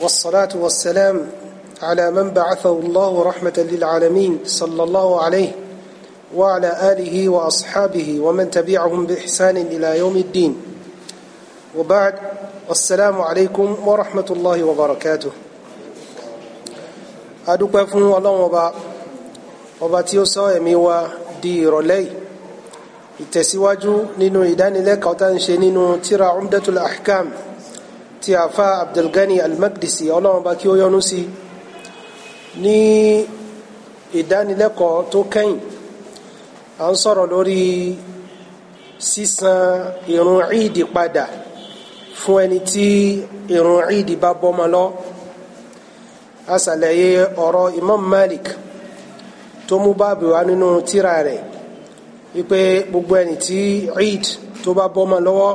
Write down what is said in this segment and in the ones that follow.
والصلاة والسلام على من بعثه الله رحمة للعالمين صلى الله عليه وعلى آله وأصحابه ومن تبعهم بإحسان إلى يوم الدين وبعد السلام عليكم ورحمة الله وبركاته أدوك أفهم الله وبا ọba tí ó sọ ẹ̀mí wa di ìrọ̀lẹ́ yìí ìtẹ̀síwájú nínú ìdánilẹ́kọ̀ọ́ tá الأحكام ti àfa Abdulgani al-Maqdisi ọlọ́run bá kí ó yọ́nú sí ní ìdánilẹ́kọ̀ọ́ tó kẹ́yìn à ń sọ̀rọ̀ lórí sísan ìrun ìdí padà fún ẹni tí ìrun ìdí bá bọ́mọ lọ a ṣàlàyé ọ̀rọ̀ Imam Malik tó mú báàbí wá nínú tírà rẹ̀ wípé gbogbo ẹni tí ìdí tó bá bọ́mọ lọ́wọ́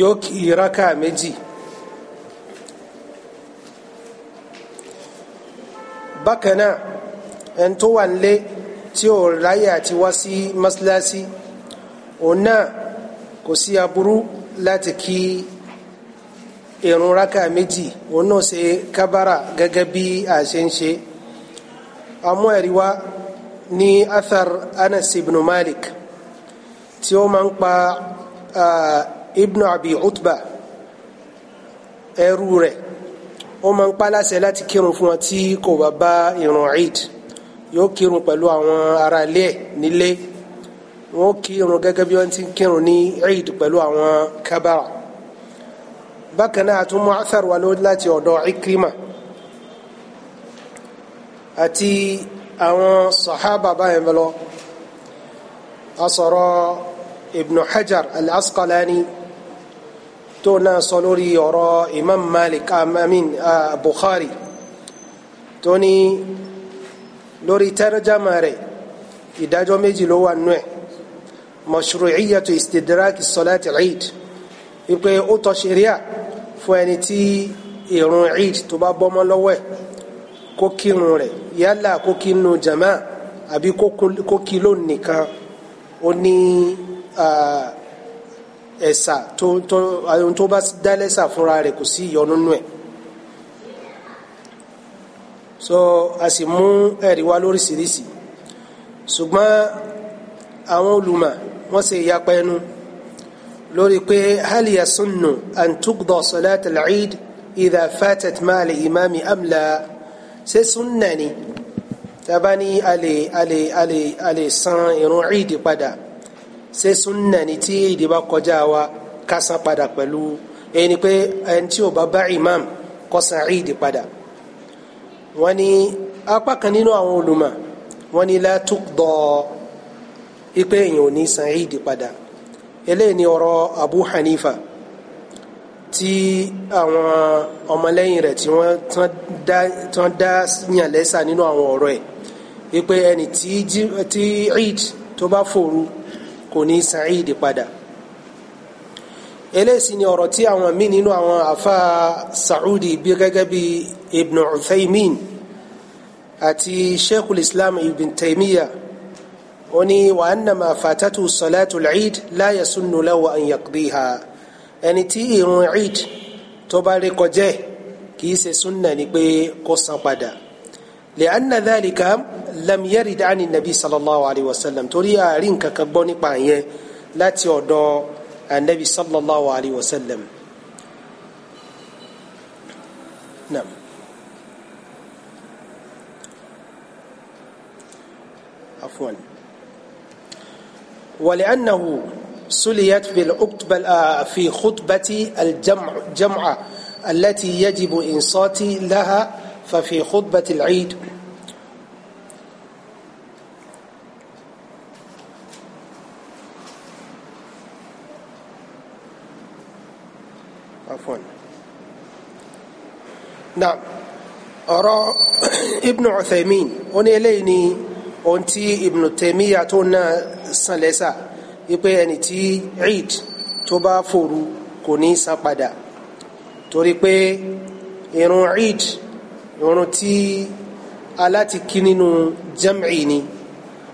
yóò kí ìrákà méjì. bákan náà ẹni tó wà nílé tí ò ráyè àti wá sí mọ́sálásí òun náà kò sí aburú láti kí ìrun rákà méjì òun náà ṣe kábàrà gẹ́gẹ́ bí a ń ṣe amú ẹ̀rí ní athar anas ibn malik tí ó máa ń pa ah, ibn abi utba ẹrú rẹ̀ ó máa ń pálásẹ láti kírun fún wọn tí kò bá bá ìrun eid yóò kírun pẹ̀lú àwọn ará ilé nílé wọn ó kírun gẹ́gẹ́ bí wọ́n ti kírun ní eid pẹ̀lú àwọn kábàrà bákan náà àtún mú athar wa lórí láti ọ̀dọ̀ ikrima àti àwọn sahaba báyẹn lọ asọ̀rọ̀ ibnu hajar al-asqalani tó náà sọ lórí ọ̀rọ̀ imam malik um, amin uh, bukhari tó ní lórí tẹ́rẹ́jàmà rẹ̀ ìdájọ́ méjì ló wà nù ẹ̀ mashru'iyyatu istidraki salati eid wípé ó tọ́ ṣeríà fún ẹni tí ìrun eid tó bá bọ́mọ́ lọ́wọ́ ẹ̀ kó kírun rẹ̀ yálà kó kírun jama àbí kó kí lónìí kan ó ní. Uh, ẹ̀sà tó tó ohun tó bá dá lẹ́sà fúnra rẹ̀ kò sí ìyọnu nù ẹ̀ so a sì mú ẹ̀rí wá lóríṣiríṣi ṣùgbọ́n àwọn olùmọ̀ wọ́n ṣe ìyapa ẹnu lórí pé hal yasunnu an tuqda salat al-eid idha fatat ma'a al-imami am la ṣe sunna ni tabani a lè a lè san irun eid padà. Se súnà ni tí ìdí bá kọjá wa ká san padà pẹ̀lú ẹni pé ẹni tí ò bá bá imam kó san ìdí padà wọ́n ní apá kan nínú àwọn olùmọ̀ wọ́n ní látúkdọ̀ ipe èèyàn ò ní san ìdí padà eléyìí ni ọ̀rọ̀ Abu Hanifa ti àwọn ọmọlẹ́yìn rẹ̀ tí wọ́n tán dá yàn lẹ́sà nínú àwọn ọ̀rọ̀ ẹ̀ wípé ẹni tí eid tó bá fòru kò ní san ìdí padà eléyìí ni ọ̀rọ̀ tí àwọn míì nínú àwọn afa saudi bí gẹ́gẹ́ bí ibn uthaymin àti sheikhul islam ibn taymiya ó ní wa annama fatatu salatu al-eid la yasunnu lahu an yaqdiha ẹni tí ìrun eid tó bá rékọjẹ́ kì í ṣe sunna ni pé kó san padà. لأن ذلك لم يرد عن النبي صلى الله عليه وسلم تريا رينك كبوني بانيه لا تيودو النبي صلى الله عليه وسلم نعم عفوا ولأنه سليت في الأكتب آه، في خطبة الجمع جمعة التي يجب إنصاتي لها ففي خطبة العيد عفوا نعم ọ̀rọ̀ ibn Uthaymin ó ní eléyìí ni ohun tí ibn Taymiyyah tó náà san lẹ́sà wípé ẹni tí eid tó bá fòru kò ní san padà torí pé irun eid irun tí aláti kí nínú jam'i ni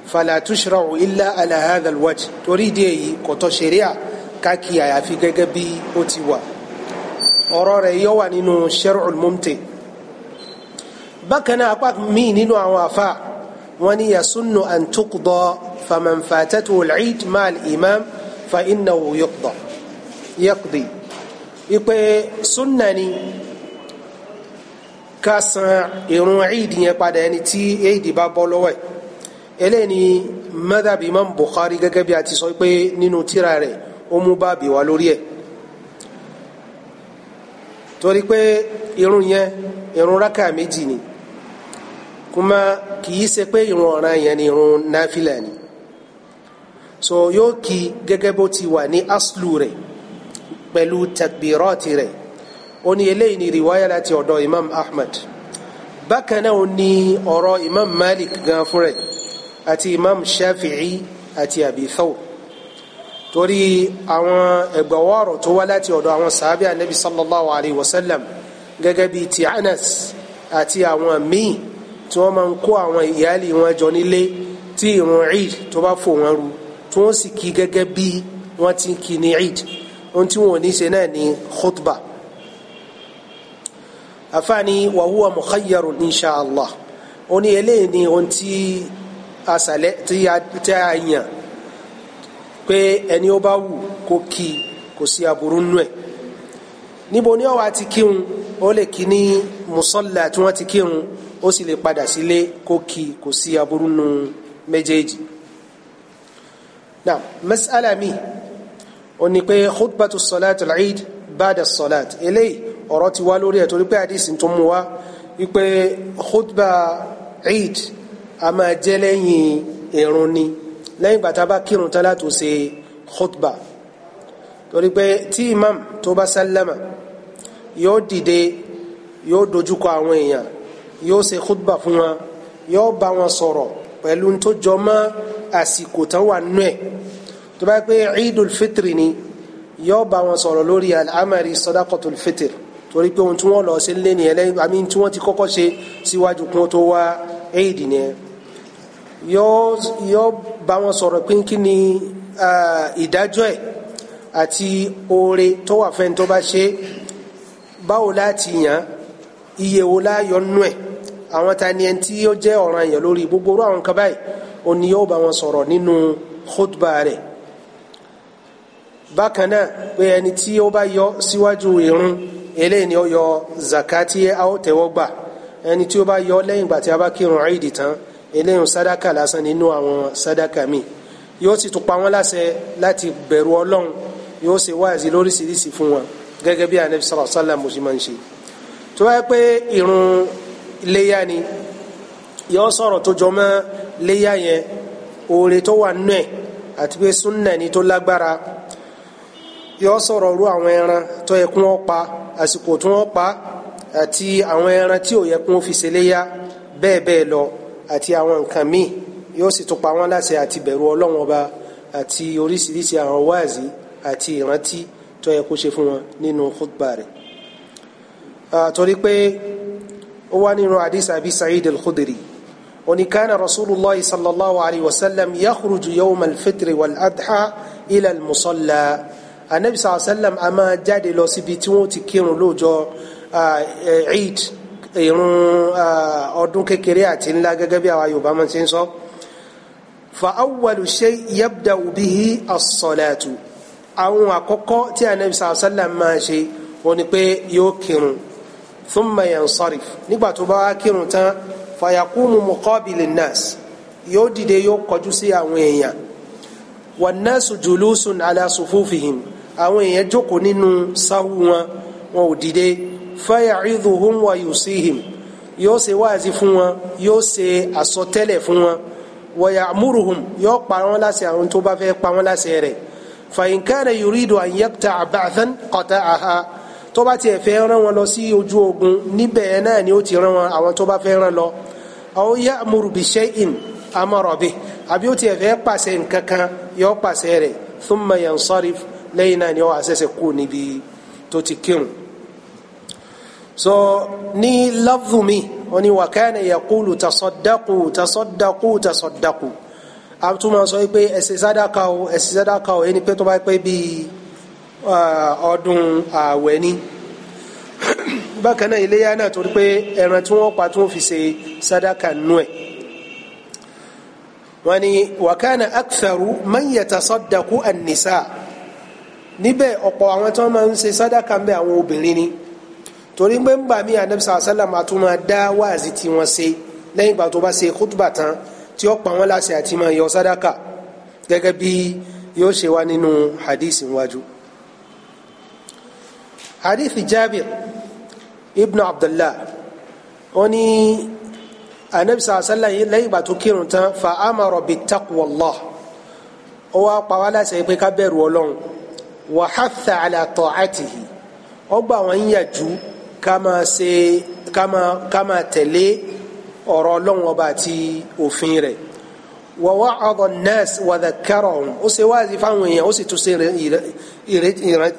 fala tushra'u illa ala hadha alwajh torí ìdí èyí kò tọ́ ṣẹ̀ríà káàkì àyàfi gẹ́gẹ́ bí ó ti wà ọ̀rọ̀ rẹ̀ yọ wà nínú shar'ul mumti bákan náà apá míì nínú àwọn àfa wọn ni yasunnu an tuqda faman fatatu ma'al imam fa innahu yuqda yaqdi ipe sunna ni ká san irun ìdí yẹn padà ẹni tí ìdí bá bọ́ lọ́wọ́ ẹ̀ eléyìí ni madhab imam bukhari gẹ́gẹ́ bí a ti sọ pé nínú tírà rẹ̀ ó mú báàbí wá lórí ẹ̀ torí pé irun yẹn irun rákà méjì ni kuma kì í ṣe pé irun ọ̀ràn yẹn ni irun náfìlà ni so yóò kí gẹ́gẹ́ bó ti wà ní aslu rẹ̀ pẹ̀lú takbirọ́ọ̀tì rẹ̀ ó ní eléyìí ni riwaya láti ọ̀dọ̀ imam ahmad bákan náà ó ní ọ̀rọ̀ imam malik gan fúnra àti imam shafi'i àti abi thaw torí àwọn ẹgbẹ̀wọ́rọ̀ tó wá láti ọ̀dọ̀ àwọn sàábì anabi sallallahu alayhi wa sallam gẹ́gẹ́ bíi ti anas àti àwọn míì tí wọ́n máa ń kó àwọn ìyáàlì wọn jọ nílé tí ìrun eid tó bá fò wọn ru tí wọ́n sì kí gẹ́gẹ́ bí wọ́n ti kí ní eid ohun tí wọn ò ní ṣe náà ní khutbah afaani wa huwa mukhayyarun insha allah ó ní eléyìí ni ohun tí asalẹ tí a tí a yàn pé ẹni ó bá wù kó kí kò sí aburú nù ẹ níbo ni ọwọ àti kírun ó lè kí ní musalla tí wọn ti kírun ó sì lè padà sílé kó kí kò sí aburú nù méjèèjì now mas'ala mi ó khutbatu salat al-eid ba'da salat eléyìí ọ̀rọ̀ ti wá lórí ẹ̀ torí pé àdìsí tó mú wá wípé khutba eid a máa jẹ́ lẹ́yìn ìrun ni lẹ́yìn bàtà bá kírun tán láti ṣe khutba torí pé tí imam tó bá sálámà yóò dìde yóò dojúkọ àwọn èèyàn yóò ṣe khutba fún wọn yóò bá wọn sọ̀rọ̀ pẹ̀lú tó jọ mọ́ àsìkò tán wà nú ẹ̀ tó bá pé eidul fitri ni yóò bá wọn sọ̀rọ̀ lórí al-amari sadaqatul fitri torí pé ohun tí wọ́n lọ ṣe lé ní ẹlẹ́yìn àmì tí wọ́n ti kọ́kọ́ ṣe síwájú kún tó wá éèdì ni ẹ yóò bá wọn sọ̀rọ̀ pé kí ni ìdájọ́ ẹ̀ àti oore tó wà fẹ́ni tó bá ṣe báwo láti yàn iye wo láyọ̀ nú ẹ̀ àwọn ta ni ẹni tí ó jẹ́ ọ̀ràn yẹn lórí gbogbo orú àwọn kan báyìí ó yóò bá wọn sọ̀rọ̀ nínú khutba rẹ̀ bákan náà pé ẹni tí ó bá yọ síwájú ìrun eléyìí ni ó yọ zakati a ó tẹ́wọ́ gbà ẹni tí ó bá yọ lẹ́yìn ìgbà tí a bá kírun ìdì tán eléyìí sadaka lásán nínú àwọn sadaka mi yóò sì tún pa wọ́n láṣẹ láti bẹ̀rù Ọlọ́run yóò ṣe wáàzí lóríṣiríṣi fún wọn gẹ́gẹ́ bí anabi sallallahu alaihi wasallam ṣe máa ń ṣe irun léyà ni yóò sọ̀rọ̀ tó jọ mọ́ léyà yẹn oore tó wà nù ẹ̀ àti ni tó lágbára yóò sọ̀rọ̀ ru àwọn ẹran tó yẹ kí wọ́n pa àsìkò tí wọ́n pa àti àwọn ẹran tí ò yẹ kí wọ́n fi ṣe léyà bẹ́ẹ̀ bẹ́ẹ̀ lọ àti àwọn nǹkan míì yóò sì tún pa wọ́n láṣẹ àti bẹ̀rù ọlọ́wọ́n ọba àti oríṣiríṣi àwọn wáàzí àti ìrántí tó yẹ kó ṣe fún wọn nínú khutba rẹ̀ torí pé ó wá nínú hadith abi sa'id al-khudri oni kana rasulullah sallallahu alayhi wa sallam yakhruju yawm al-fitr wal-adha ila al-musalla anabi sàlá sàlám a máa jáde lọ síbi tí wọ́n ti kírun lọ́jọ́ eid irun ọdún kékeré àti ńlá gẹ́gẹ́ bí àwa yorùbá máa ti ń sọ. fa awwalu shay yabda'u bihi as-salatu àwọn àkọ́kọ́ tí anabi sàlá sàlám máa ṣe wọ́n ní pé yóò kírun thumma yansarif nígbà tó bá kírun tán fa yaqumu muqabila yóò dìde yóò kọjú sí àwọn èèyàn wan nasu julusun ala sufufihim àwọn èèyàn jókòó nínú sáwù wọn wọn ò dìde faya'iduhum wa yusihim yóò ṣe wáàzí fún wọn yóò ṣe àsọtẹ́lẹ̀ fún wọn wa ya'muruhum yóò pa wọn láṣẹ àwọn tó bá fẹ́ pa wọn láṣẹ rẹ̀ fa in kana yuridu an yaqta'a ba'than qata'aha tó bá tiẹ̀ fẹ́ rán wọn lọ sí ojú ogun níbẹ̀ náà ni ó ti rán wọn àwọn tó bá fẹ́ rán lọ aw ya'muru bi shay'in amara bih àbí ó tiẹ̀ fẹ́ pàṣẹ nǹkan yóò pàṣẹ rẹ̀ thumma yansarif lẹ́yìn náà ni ó àṣẹṣẹ kú níbi tó ti kírun so ní lafzu mi ó ní wa kana yaqulu tasaddaqu tasaddaqu tasaddaqu a tún máa sọ pé ẹ ṣe sàdákà o ẹ ṣe sàdákà o ẹni pé tó bá pé bíi uh, ọdún ààwẹ̀ ni bákan náà iléyà náà torí pé ẹran tí wọ́n pa tí wọ́n fi ṣe sàdákà nù ẹ̀ wọ́n ní wa kana aktharu man yatasaddaqu níbẹ̀ ọ̀pọ̀ àwọn tí wọ́n máa ń ṣe sádàkà ń bẹ àwọn obìnrin ni torí pé ńgbà mí anabisa asalam àtúmọ̀ dá wáàzì tí wọ́n ṣe lẹ́yìn ìgbà tó bá ṣe kútùbà tán tí ó pa láṣẹ àti máa yọ sádàkà gẹ́gẹ́ bí yóò ṣe wá nínú hadith níwájú. hadith jabir ibn abdullah ó ní anabisa asalam lẹ́yìn ìgbà tó kírun tán fa amara bi taqwa allah ó wá pa wá láṣẹ pé ká bẹ̀rù ọlọ́run wa hatha ala ta'atihi ó gbà wọ́n yànjú ká máa ṣe ká máa ká máa tẹ̀lé ọ̀rọ̀ ọlọ́run ọba àti òfin rẹ̀ wa wa'adha an-nas wa dhakkarahum ó ṣe wáàzí fáwọn èèyàn ó sì tún ṣe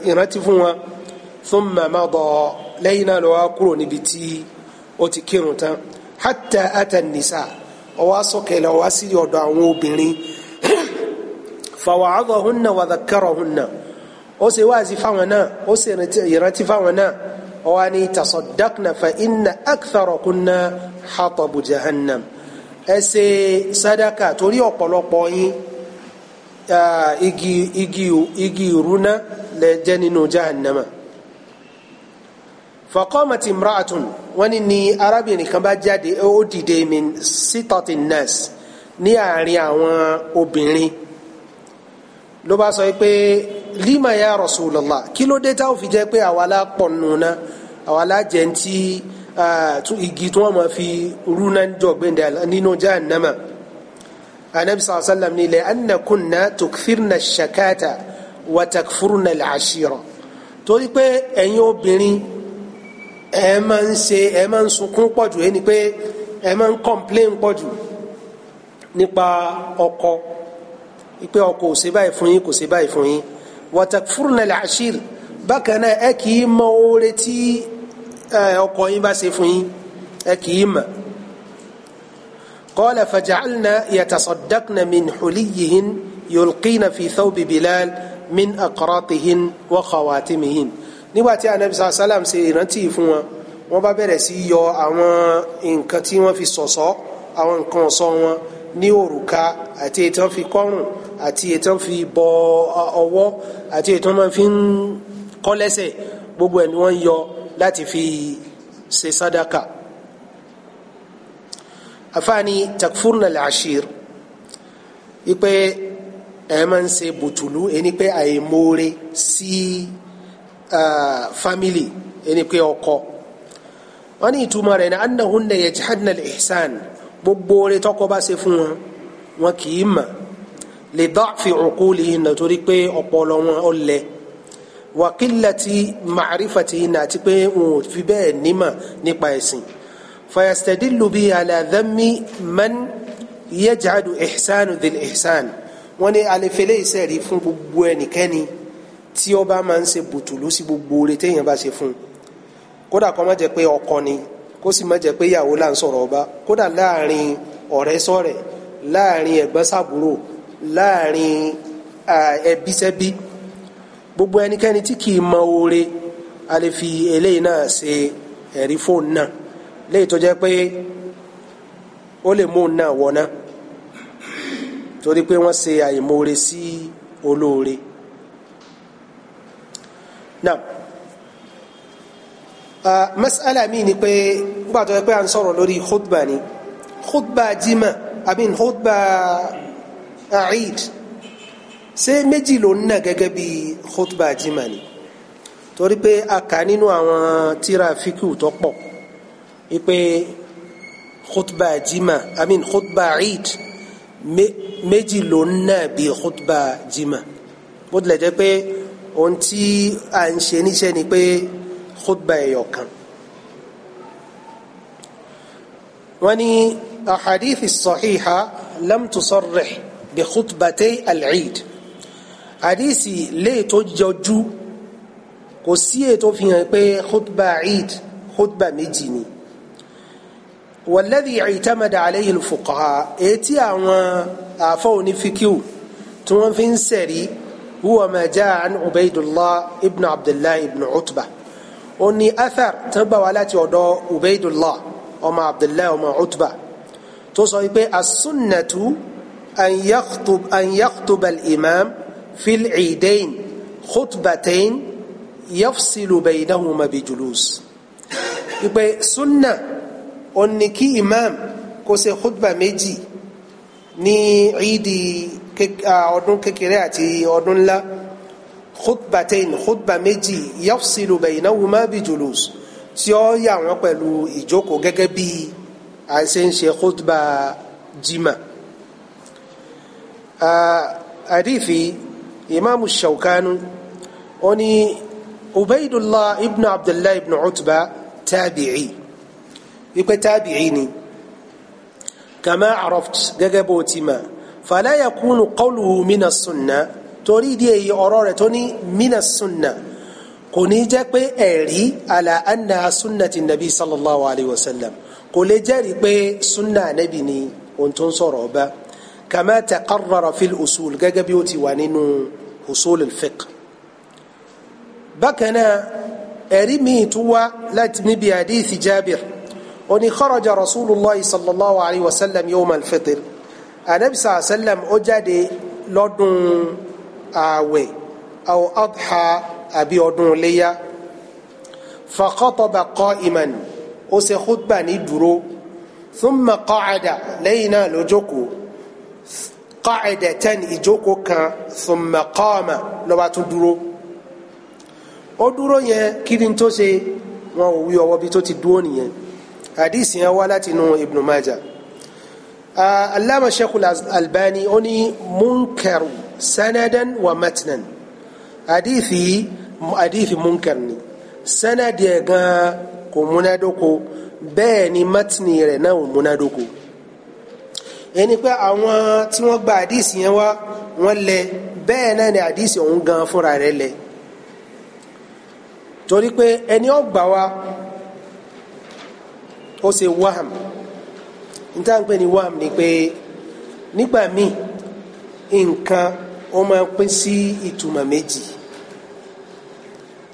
ìrántí fún wọn thumma madha lẹ́yìn náà lọ́wọ́ kúrò níbi tí ó ti kírun tán hatta ata an-nisa ó wá wá sí ọ̀dọ̀ àwọn obìnrin fa wa'adahunna wa dhakkarahunna ó ṣe wáàsí fáwọn náà ó ṣe ìrántí fáwọn náà ó wá ní tasaddaqna fa inna aktharakunna hatabu jahannam ẹ ṣe sadaka torí ọ̀pọ̀lọpọ̀ yín igi igi igi ìrúná lè jẹ́ nínú jahannama faqamat imra'atun wọ́n ni arábìnrin kan bá jáde ó dìde min sitati nnas ní àárín àwọn obìnrin ló bá sọ pé lima ya Rasulullah kí ló dé táwọn fi jẹ́ pé àwa la pọ̀ nù náà àwa la jẹ́ ń tí igi tí wọ́n máa fi rú náà jọ gbẹ̀ndẹ̀ nínú jahannama anabi sallallahu alayhi wa sallam ni ilẹ̀ anna kunna tukfirna shakata wa takfurna al-ashira torí pé ẹ̀yin obìnrin ẹ máa ń ṣe ẹ máa ń sunkún pọ̀jù ẹni pé ẹ máa ń complain pọ̀jù nípa ọkọ ipe ọkọ ò ṣe báyìí fún yín kò ṣe báyìí fún yín watakfurna al bákan náà ẹ kì í mọ oore tí ọkọ yín bá ṣe fún yín ẹ kì í mọ. قال فجعلنا يتصدقن من حليهن يلقين في ثوب بلال من أقراطهن وخواتمهن nígbà tí anabi sàlá sàlám ṣe ìrántí fún wọn wọn bá bẹ̀rẹ̀ sí yọ àwọn nǹkan tí wọ́n fi ṣọ̀ṣọ́ àwọn nǹkan ọ̀ṣọ́ wọn ní òrùka àti ètò fi kọ́rùn àti ètò fi bọ ọwọ́ àti ètò máa fi ń kọ́ lẹ́sẹ̀ gbogbo ẹ̀ ni wọ́n yọ láti fi ṣe sadaka afaani takfurna al-ashir ipe ẹ máa ń ṣe bùtùlù ẹni pé àìmoore sí family ẹni pé ọkọ wọn ní ìtumọ̀ rẹ̀ ní annahunna yajhadna al-ihsan gbogbo oore tọkọ bá ṣe fún wọn wọn kì í mọ̀ li da'fi uqulihinna torí pé ọpọlọ wọn ọlẹ wa qillati ma'rifatihinna àti pé wọn ò fi bẹ́ẹ̀ nímọ̀ nípa ẹ̀sìn fayastadillu bi ala dhammi man yaj'alu ihsanu dhil ihsan wọn ní alefele iṣẹ́ rí fún gbogbo ẹnikẹ́ni tí ó bá máa ń ṣe bùtùlù sí gbogbo oore téèyàn bá ṣe fún un kódà kó má jẹ́ pé ọkọ ni kó sì má jẹ́ pé ìyàwó là ń sọ̀rọ̀ ọba kódà láàrin ọ̀rẹ́ sọ̀rẹ́ láàrin láàrin ẹbí sẹ́bí gbogbo ẹnikẹ́ni tí kì í mọ oore a lè fi eléyìí náà ṣe ẹ̀rí fóònù náà léyìí tó jẹ́ pé ó lè mú un náà wọná torí pé wọ́n ṣe àìmoore sí olóore náà mas'ala mi ni pé nígbà tó yẹ pé à ń sọ̀rọ̀ lórí khutba ni khutba jimá àbí khutba a'id ṣé méjì ló ń nà gẹ́gẹ́ bí khutba jimá ni torí pé a kà nínú àwọn tíra fíkù tó pọ̀ wípé khutba jimá i mean khutba a'id méjì ló ń nà bí khutba jimá bó tilẹ̀ jẹ́ pé ohun tí a ń ṣe níṣẹ́ ni pé khutba ẹ̀yọ̀ kan wọ́n ní ahadithi sahiha lam bi khutbatay al-eid àdìsí léè tó jọjú kò sí ètò fi hàn pé khutba eid khutba méjì ni walladhi i'tamada alayhi al-fuqaha etí àwọn àfọ onífíkíw tí wọ́n fi ń sẹ̀rí huwa ma jaa an ubaydullah ibn abdullah ibn utba ó ní athar tó gbà wá láti ọ̀dọ̀ ubaydullah ọmọ abdullah ọmọ utba tó sọ wípé as أن يخطب أن يخطب الإمام في العيدين خطبتين يفصل بينهما بجلوس يبقى سنة أنك إمام كوسي خطبة ميجي ni ìdí ọdún kékeré àti ọdún ńlá khutbatain khutba méjì yafsilu baynahuma bi julus tí ó yà wọn pẹ̀lú ìjókòó gẹ́gẹ́ bí a ṣe ń ṣe khutba jimá hadithi imaamu shawkanu ó ní ubaydullah ibn abdullah ibn utba tabi'i ipe tabi'i ni kama araft gẹ́gẹ́ bó ti ma fala yakunu qawluhu mina sunna torí ìdí èyí ọ̀rọ̀ rẹ̀ tó ní mina sunna kò ní jẹ́ pé ẹ̀rí ala anna sunnati nabi sallallahu alayhi wa sallam kò lè jẹ́rìí pé sunna nabi ni ohun tó ń sọ̀rọ̀ kama taqarrara fil usul gẹ́gẹ́ bí ó ti wà nínú usul al-fiqh bákan náà ẹ̀rí miin tún wá láti níbi hadith Jabir ó ní kharaja rasulillah sallallahu alayhi wa sallam yawm al-fitr anabi sallallahu alayhi wa sallam ó jáde lọ́dún ààwẹ̀ aw adha àbí ọdún léyà fa khataba qa'iman ó ṣe khutba ní dúró thumma qa'ada lẹ́yìn náà ló jókòó qa'idatan ìjókòó kan thumma qama ló bá tún dúró ó dúró yẹn kí ni tó ṣe wọn ò wí ọwọ́ bí tó ti dúró nìyẹn hadith yẹn wá láti inú ibn majah alama ah, sheikhul albani ó ní munkaru sanadan wa matnan hadith yìí munkar ni sanadi gan kò múnádóko bẹ́ẹ̀ ni matni rẹ̀ náà ò ẹni pé àwọn tí wọn gba àdìsí yẹn wá le lẹ náà ni àdìsí gan fúnra rẹ̀ lẹ torí pé ẹni ó gbà ó ṣe ni pé nígbà míì nǹkan ó máa pín sí ìtumọ̀ méjì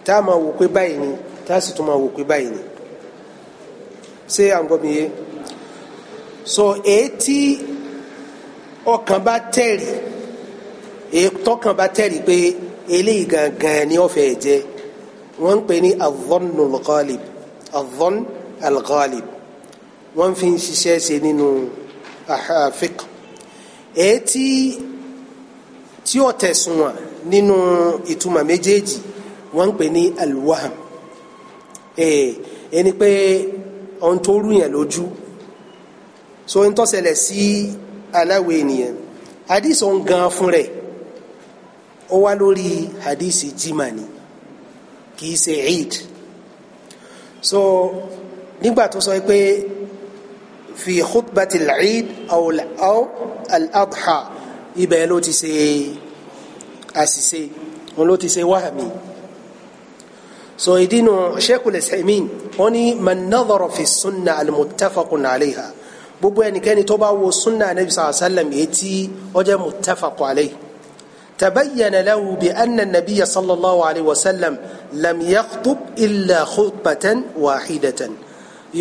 tá a máa wò pé báyìí ni tá a sì tún máa wò pé báyìí ni ṣé so èyí tí ọkàn bá tẹ̀rì tọkàn bá tẹ̀rì pé eléyìí gangan ni ọ̀fẹ́ jẹ́ wọ́n ń pè ní avọ́nù lọ́kọ́lì avọ́n alọ́kọ́lì wọ́n fi ń ṣiṣẹ́ ṣe nínú àfík ètí tí ó tẹ̀sùn wọn nínú ìtumọ̀ méjèèjì wọ́n ń pè ní alwaham ẹni pé ohun tó rú yẹn lójú so ohun tó sí. Si, aláwọ̀ ènìyàn hadith ọ̀hún gan fún rẹ̀ ó wá lórí hadith jimá kì í ṣe eid so nígbà tó sọ pé fi khutbati al-eid aw al-adha ibẹ̀ ló ti ṣe àṣìṣe wọn ló ti ṣe wahmi so ìdínú Sheikhul Uthaymeen wọn ni man nadhara fi sunna al-muttafaqun alayha gbogbo ẹnikẹ́ni tó bá wo sunna anabi sallallahu alayhi wa sallam etí ó jẹ́ muttafaq alayhi tabayyana lahu bi anna nabiya sallallahu alayhi wa sallam lam yakhtub illa khutbatan wahidatan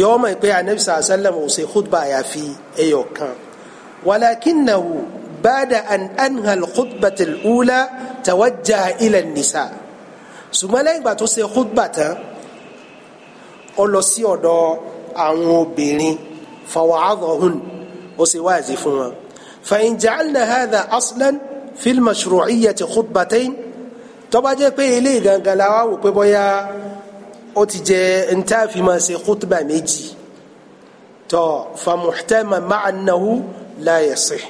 yóò mọ̀ pé anabi sallallahu alayhi wa sallam ò ṣe khutba àyàfi ẹyọ kan walakinahu bada an anha khutbata ula tawajjaha ila nisa ṣùgbọ́n lẹ́yìn ìgbà tó ṣe khutba tán ó ọ̀dọ̀ àwọn obìnrin. فوعظهن وسوازي فما فإن جعلنا هذا أصلا في المشروعية خطبتين tọ́ba jẹ́ pé ilé gangan la wá wò pé bóyá ó ti jẹ́ níta fi máa ṣe kútùbà méjì tó famuhtama ma'a annahu la yasih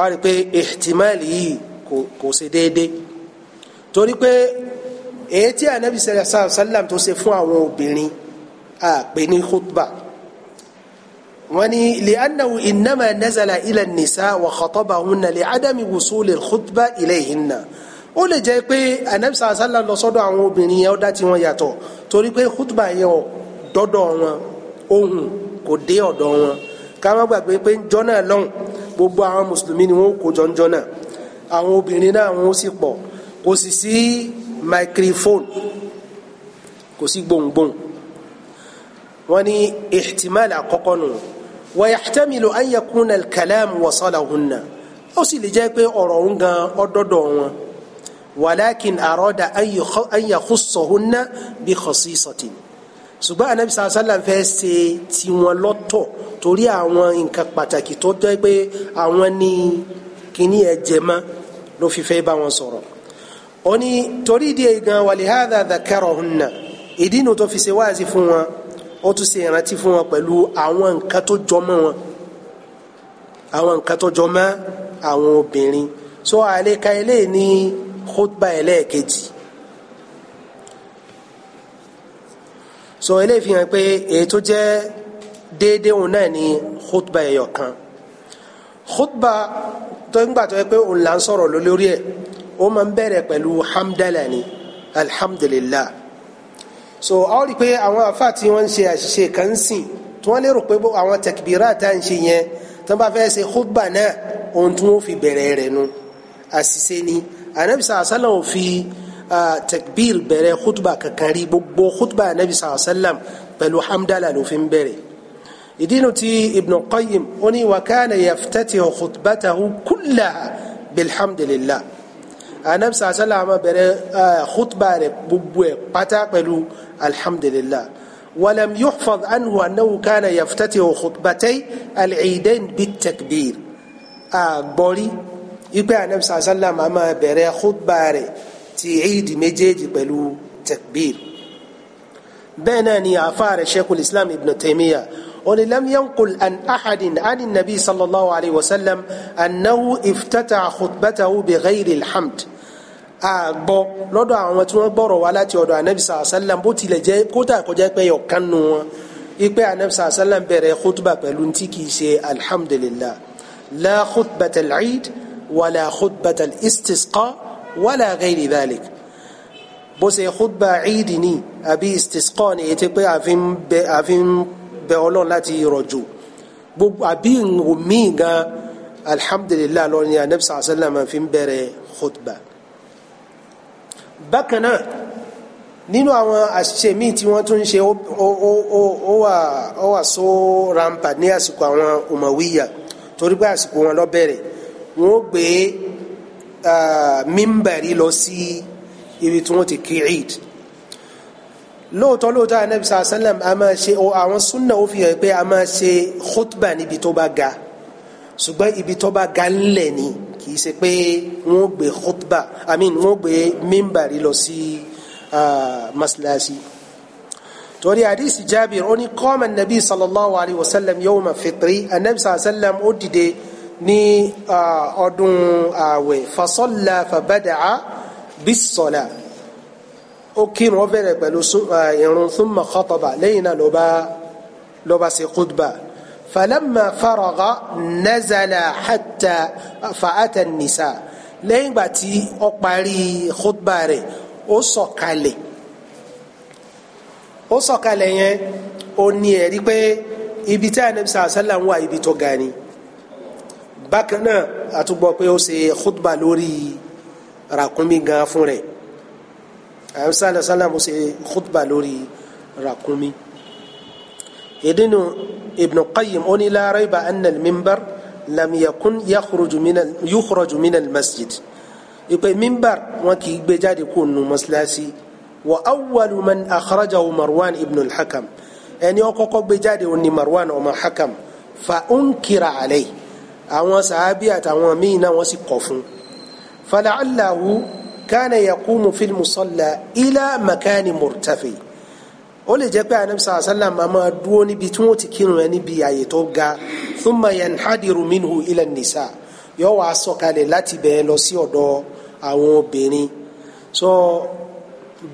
a rí pé ihtimali yìí kò ṣe déédéé torí pé èyí anabi sallallahu alaihi wasallam tó ṣe fún àwọn obìnrin a pè ní kútùbà. وني لأنه إنما نزل إلى النساء وخطبهن لعدم وصول الخطبة إليهن ó lè jẹ́ pé anabisa asala lọ sọ́dọ̀ àwọn obìnrin yẹn ó dá tiwọn yàtọ̀ torí pé khutba yẹn ò dọ́dọ̀ wọn ohun kò dé ọ̀dọ̀ wọn ká gbàgbé pé jọ́nà lọ́hùn gbogbo àwọn mùsùlùmí ni wọ́n kó jọ́njọ́ náà àwọn obìnrin náà wọ́n sì pọ̀ kò sì sí microphone kò sí gbohùngbohùn wọ́n ní ihtimal àkọ́kọ́ nù. ويحتمل أن يكون الكلام وصلهن، sì lè jẹ́ pé ọ̀rọ̀ ń gan ọdọ́dọ̀ wọn wàlákin àrọ́dà ayẹkùsọ̀hùnà bí kọ̀sísọ̀tì ṣùgbọ́n anabi sàlá sàlá fẹ́ ṣe tiwọn lọ́tọ̀ torí àwọn nǹkan pàtàkì tó jẹ́ pé àwọn ní kíní ẹ̀jẹ̀ mọ́ ló fi fẹ́ bá wọn sọ̀rọ̀ ó ní torí ìdí èyí gan wàlíhàdà dàkẹ́rọ̀hùnà ìdí nu tó fi ṣe wáàzì fún wọn ó tún ṣe ìrántí fún wọn pẹ̀lú àwọn nǹkan tó jọmọ́ wọn àwọn nǹkan tó jọmọ́ àwọn obìnrin so àleka eléyìí ní khutba ẹlẹ́ẹ̀kejì so eléyìí fi hàn pé èyí tó jẹ́ déédéé òun náà ni khutba ẹ̀yọ̀ kan tó ń gbà tó yẹ pé òun là ń sọ̀rọ̀ lórí ẹ̀ ó máa ń bẹ̀rẹ̀ pẹ̀lú hamdala ni alhamdulilah so a ó rí i pé àwọn afa tí wọ́n ń ṣe àṣìṣe kan ń sìn tí wọ́n lérò pé àwọn tẹkibira tá à ń ṣe yẹn tí wọ́n bá fẹ́ ṣe khutba náà ohun tí wọ́n fi bẹ̀rẹ̀ rẹ̀ nu àṣìṣe ni anabi sàlám ò fi tẹkibir bẹ̀rẹ̀ khutba kankan rí gbogbo khutba anabi sàlám pẹ̀lú hamdala ló fi ń bẹ̀rẹ̀ ìdínú ti ibn qayyim ó ní wa kana yaftatihu khutbatahu kullaha bilhamdulillah. anabi sàlásàlámà bẹ̀rẹ̀ khutba rẹ̀ gbogbo ẹ̀ pátá pẹ̀lú alhamdulillah walam yuhfaz anhu annahu kana yaftatihu khutbatay al-eidain bit-takbir àgbọ̀rí ipe anabi sàlásàlámà máa bẹ̀rẹ̀ khutba rẹ̀ ti ìdí méjèèjì pẹ̀lú takbir bẹ́ẹ̀ náà ni àfa rẹ̀ sheikhul islam ibn taymiyyah ولم ينقل عن أحد عن النبي صلى الله عليه وسلم أنه افتتح خطبته بغير الحمد àgbọ́ lọ́dọ̀ àwọn tí wọ́n gbọ́rọ̀ wá láti ọ̀dọ̀ anabi sàlám bó tilẹ̀ jẹ́ kódà kọjá pé ọ̀kan nu wọn ipe anabi sàlám bẹ̀rẹ̀ khutba pẹ̀lú tí kìí ṣe alhamdulillah la khutbata al-eid wala khutbata al-istisqa wala ghayri dhalik bó ṣe khutba eid ni àbí istisqa ni ètò pé àfi ń bẹ ọlọ́run láti rọ̀jò gbogbo àbí nǹkan míì gan alhamdulillah lọ́ni anabi sàlám fi ń bẹ̀rẹ̀ khutba bákan náà nínú àwọn àṣìṣe míì tí wọ́n tún ń ṣe ó wà ó rampa ní àsìkò àwọn Umawiya torí pé àsìkò wọn lọ bẹ̀rẹ̀ wọ́n gbé mímbàrí lọ sí ibi tí wọ́n ti kí eid lóòótọ́ lóòótọ́ anabi sàlá sàlám a máa ṣe àwọn súnà ó fi hàn pé a máa ṣe khutba níbi tó bá ga ṣùgbọ́n ibi tó bá ga ńlẹ̀ ni kì í ṣe pé wọ́n gbé khutba i mean wọ́n gbé mímbàrí lọ sí masilasi torí àdìsí Jabir ó ní qama nàbí sallallahu alayhi wa sallam yawma fitri anabi sallam ó dìde ní ọdún ààwẹ̀ fasọ́lá fàbádàá bisọ́lá ó kírun ó bẹ̀rẹ̀ pẹ̀lú irun thumma khataba lẹ́yìn náà ló bá ṣe khutba. فلما فرغ نزل حتى فأتى النساء lẹ́yìn ìgbà tí ó parí khutba rẹ̀ ó sọ̀kalẹ̀ ó sọ̀kalẹ̀ yẹn ó ní ẹ̀rí pé ibi tí anabi sàlá ń wá ibi tó ga ni bákan náà àtúgbọ́ pé ó ṣe khutba lórí ràkúnmí gan fún rẹ̀ anabi sàlá mo ṣe khutba lórí ràkúnmí ìdínú Ibn Qayyim ó ní la rayba anna al-minbar lam yakun yakhruju minal yukhruju minal masjid ìpè minbar wọn kì í gbé jáde kó nu mọ́sálásí wa awwalu man akhrajahu Marwan ibn al-Hakam ẹni ó kọ́kọ́ gbé jáde ó ní Marwan ọmọ Hakam fa unkira alayhi àwọn sàábí àtàwọn míì náà wọ́n sì kọ̀ fún fala'allahu kana yaqumu fil musalla ila makani murtafi ó lè jẹ́ pé anabi sàlá sàlá màmá dúró níbi tí wọ́n ti kírun ẹ níbi àyè tó ga thumma yanhadiru minhu ila nisa yóò wá sọ̀kalẹ̀ láti bẹ̀ẹ́ lọ sí ọ̀dọ̀ àwọn obìnrin so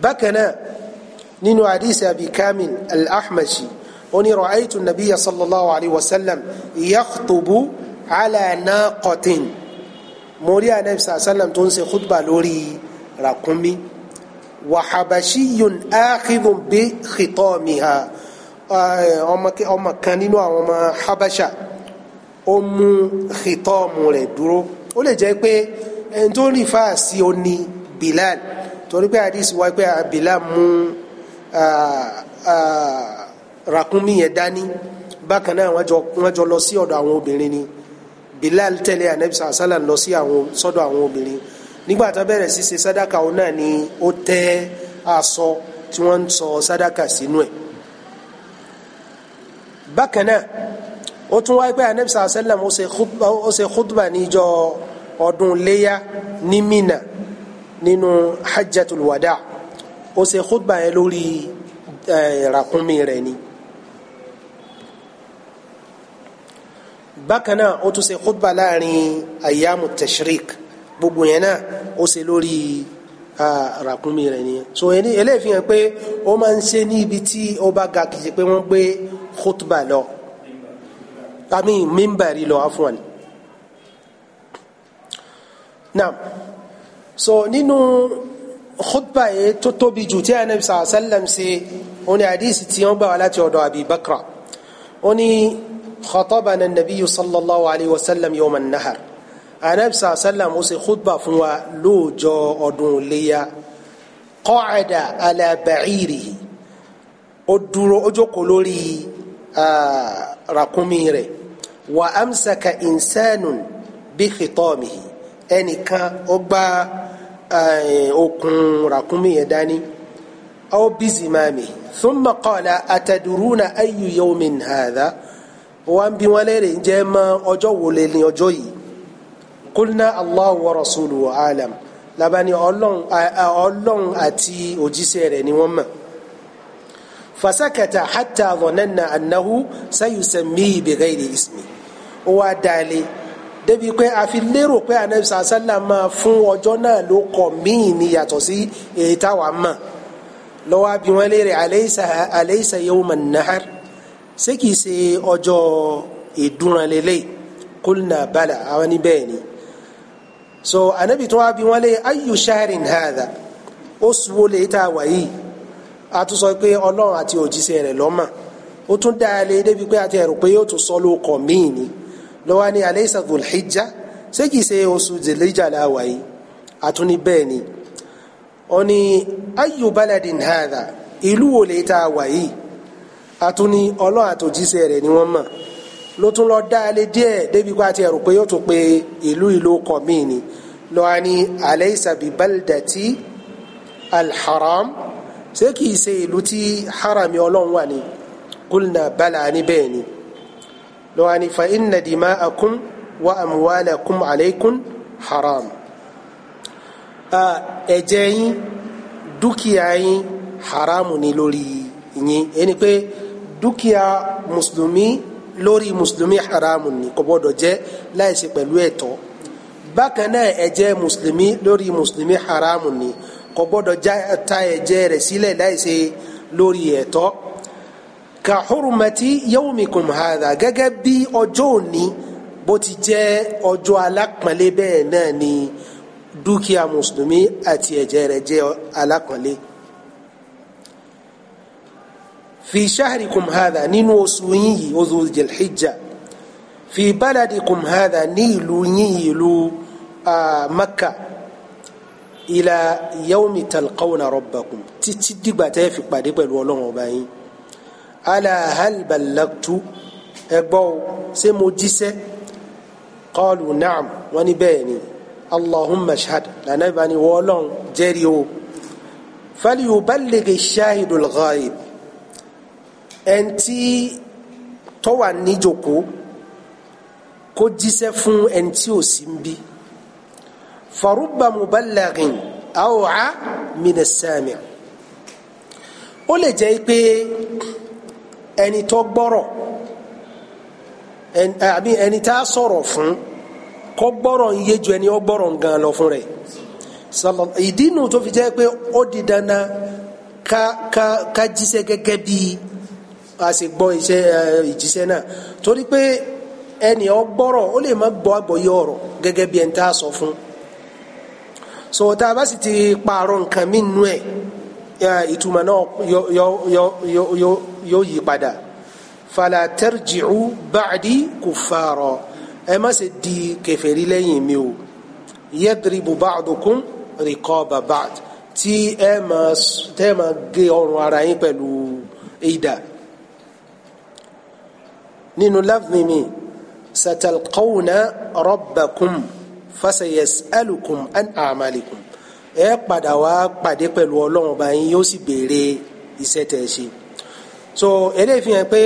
bákan náà nínú hadith abi kamil al-ahmashi ó ní ra'aytu nabiya sallallahu alayhi wa sallam yakhtubu ala naqatin mo rí anabi sàlá sàlá tó ń ṣe khutba lórí ràkúnmí wàhábàṣíyùn áàkìdùn bí أما ọmọ kan nínú àwọn ọmọ habasha ó mú khitamu انتوني فاسيوني بلال lè jẹ́ pé ẹni tó rí fáàsì ó ní bilal torí pé àdìsí wáyé pé bilal mú ràkúnmí yẹn dání jọ lọ sí ọ̀dọ̀ àwọn obìnrin ni bilal tẹ̀lé anabi sàlá lọ sí sọ́dọ̀ àwọn obìnrin nígbà tó bẹ̀rẹ̀ sí ṣe sádàkà òun náà ni ó tẹ́ aṣọ tí wọ́n ń sọ sádàkà sínú ẹ̀ bákan náà ó tún wáyé pé anabi sàlá sẹlẹm ó ṣe khutba níjọ ọdún léyà ní Mina nínú hajjatul wada ó ṣe khutba yẹn lórí ràkúnmí rẹ̀ ni. bákan náà ó tún ṣe khutba láàrin ayyamu tashrik gbogbo yẹn náà ó ṣe lórí ràkúnmí rẹ̀ nìyẹn so eléyìí fi hàn pé ó máa ń ṣe ní ibi tí ó bá ga kìí ṣe pé wọ́n gbé khutba lọ àmì mímbàrí lọ afwan naam so nínú khutba yìí tó tóbi jù tí anabi sàlám ṣe ó ní àdìsí tí wọ́n gbà wá láti ọ̀dọ̀ àbí ó ní khatabana nabiyyu sallallahu alayhi wa sallam yawman nahar anabisa sallam ó ṣe khutba fún wa lóòjọ́ ọdún léya qa'ada ala ba'irihi ó dúró ó jókòó lórí rakumi rẹ̀ wa amsaka insanun bi khitamihi ẹnìkan ó gba okùn rakumi yẹn dání aw bizimamihi thumma qala ataduruna ayu yawmin hadha wọ́n bí wọ́n lérè ń jẹ́ mọ́ ọjọ́ wo ní ọjọ́ yìí kulna allah wa rasuluhu alam labani ọlọ́run àti òjíṣẹ́ rẹ̀ ni wọ́n mọ̀ fasakata hatta dhananna annahu sayusammihi bighayri ismi ó wá dalẹ̀ débi pé a fi lérò pé anabi sàásánlá máa fún ọjọ́ náà ló kọ̀ míì ni yàtọ̀ sí èyí táwa mọ̀ lọ́wọ́ bí wọ́n léèrè alaysa yawman nahar ṣé kìí ṣe ọjọ́ kulna bala àwọn níbẹ̀ ni so anabi tó wá bí wọn lé ayu sharin hadha oṣù wo lè ta wà yìí a tún sọ pé ọlọ́run àti òjíṣẹ́ rẹ̀ lọ́mà ó tún dá a lé débi pé àti ẹ̀rù pé yóò tún sọ ló kọ̀ míì ni lọ́wọ́ ni alaysa hijja ṣé kìí ṣe oṣù la wà yìí a tún ní ni ó ayu baladin hadha ìlú wo lè ta wà yìí a tún ọlọ́run àti òjíṣẹ́ rẹ̀ ni wọ́n mọ̀ ló tún lọ dá alẹ́ díẹ̀ débi kó àti ẹ̀rù pé yóò tún pe ìlú ìlú kọ̀ míì ni lọ́wọ́ ni alaysa bi baldati alharam ṣé kìí ṣe ìlú tí haram ọlọ́run wà ní kulna bala ní bẹ́ẹ̀ ni lọ́wọ́ ni fa inna dima'akum wa amwalakum alaykum haram ẹ̀jẹ̀ yín dúkìá yín haram ni lórí yín ẹni pé dúkìá mùsùlùmí lórí mùsùlùmí haramu ni kò gbọdọ̀ jẹ láìsí pẹ̀lú ẹ̀tọ́ bákan náà ẹ̀jẹ̀ mùsùlùmí lórí mùsùlùmí haramu ni kò gbọdọ̀ ta ẹ̀jẹ̀ rẹ̀ sílẹ̀ láìsí lórí ẹ̀tọ́ ka hurumati yawmikum hadha gẹ́gẹ́ bí ọjọ́ òní bó ti jẹ́ ọjọ́ alápọ̀nlé bẹ́ẹ̀ náà ni dúkìá mùsùlùmí àti ẹ̀jẹ̀ rẹ̀ jẹ́ alápọ̀nlé fi shahrikum hadha nínú oṣù yín yìí oṣù jẹlẹ̀hijja fi baladikum hadha ní ìlú yín yìí ìlú makka ila yawmi talqawna rabbakum títí dìgbà tẹ́ fi pàdé pẹ̀lú ọlọ́run ọba yín ala hal ballagtu ẹ gbọ́ ṣé mo jíṣẹ́ qalu na'am wọ́n ní allahumma shahad lànà ìbáni wọ́ọ́lọ́n jẹ́rìí o falyuballigh ash-shahidul ghaib ẹni tí tó wà níjòkó kó jíṣẹ́ fún ẹni tí ò sí ń bí farubba mubalagin awa minasami ó lè jẹ́ pé ẹni tó gbọ́rọ̀ àbí ẹni tá a sọ̀rọ̀ fún kọ́ gbọ́rọ̀ ń yé ju ẹni ó gbọ́rọ̀ gan lọ fún rẹ̀ ìdí nu tó fi jẹ́ pé ó di dandan ká ká ká jíṣẹ́ gẹ́gẹ́ bíi a sì gbọ́ iṣẹ́ ìjíṣẹ́ náà torí pé ẹnì ọgbọ́rọ̀ ó lè má gbọ́ àgbọ́yé ọ̀rọ̀ gẹ́gẹ́ bí ẹni tá a sọ fún so tá a bá sì ti pààrọ̀ nǹkan mí nú ẹ̀ ìtumọ̀ náà yóò yí padà fala tarji'u ba'di kuffara ẹ má ṣe di kèfèrí lẹ́yìn mi o yadribu ba'dukum riqaba ba'd tí ẹ máa gé ọrùn ara yín pẹ̀lú ìdá nínú láfìmí mi satalqawna rabbakum fasayasalukum an amalikum ẹ padà wá pàdé pẹ̀lú ọlọ́run ọba yín yóò sì béèrè iṣẹ́ tẹ̀ ṣe so eléyìí fi hàn pé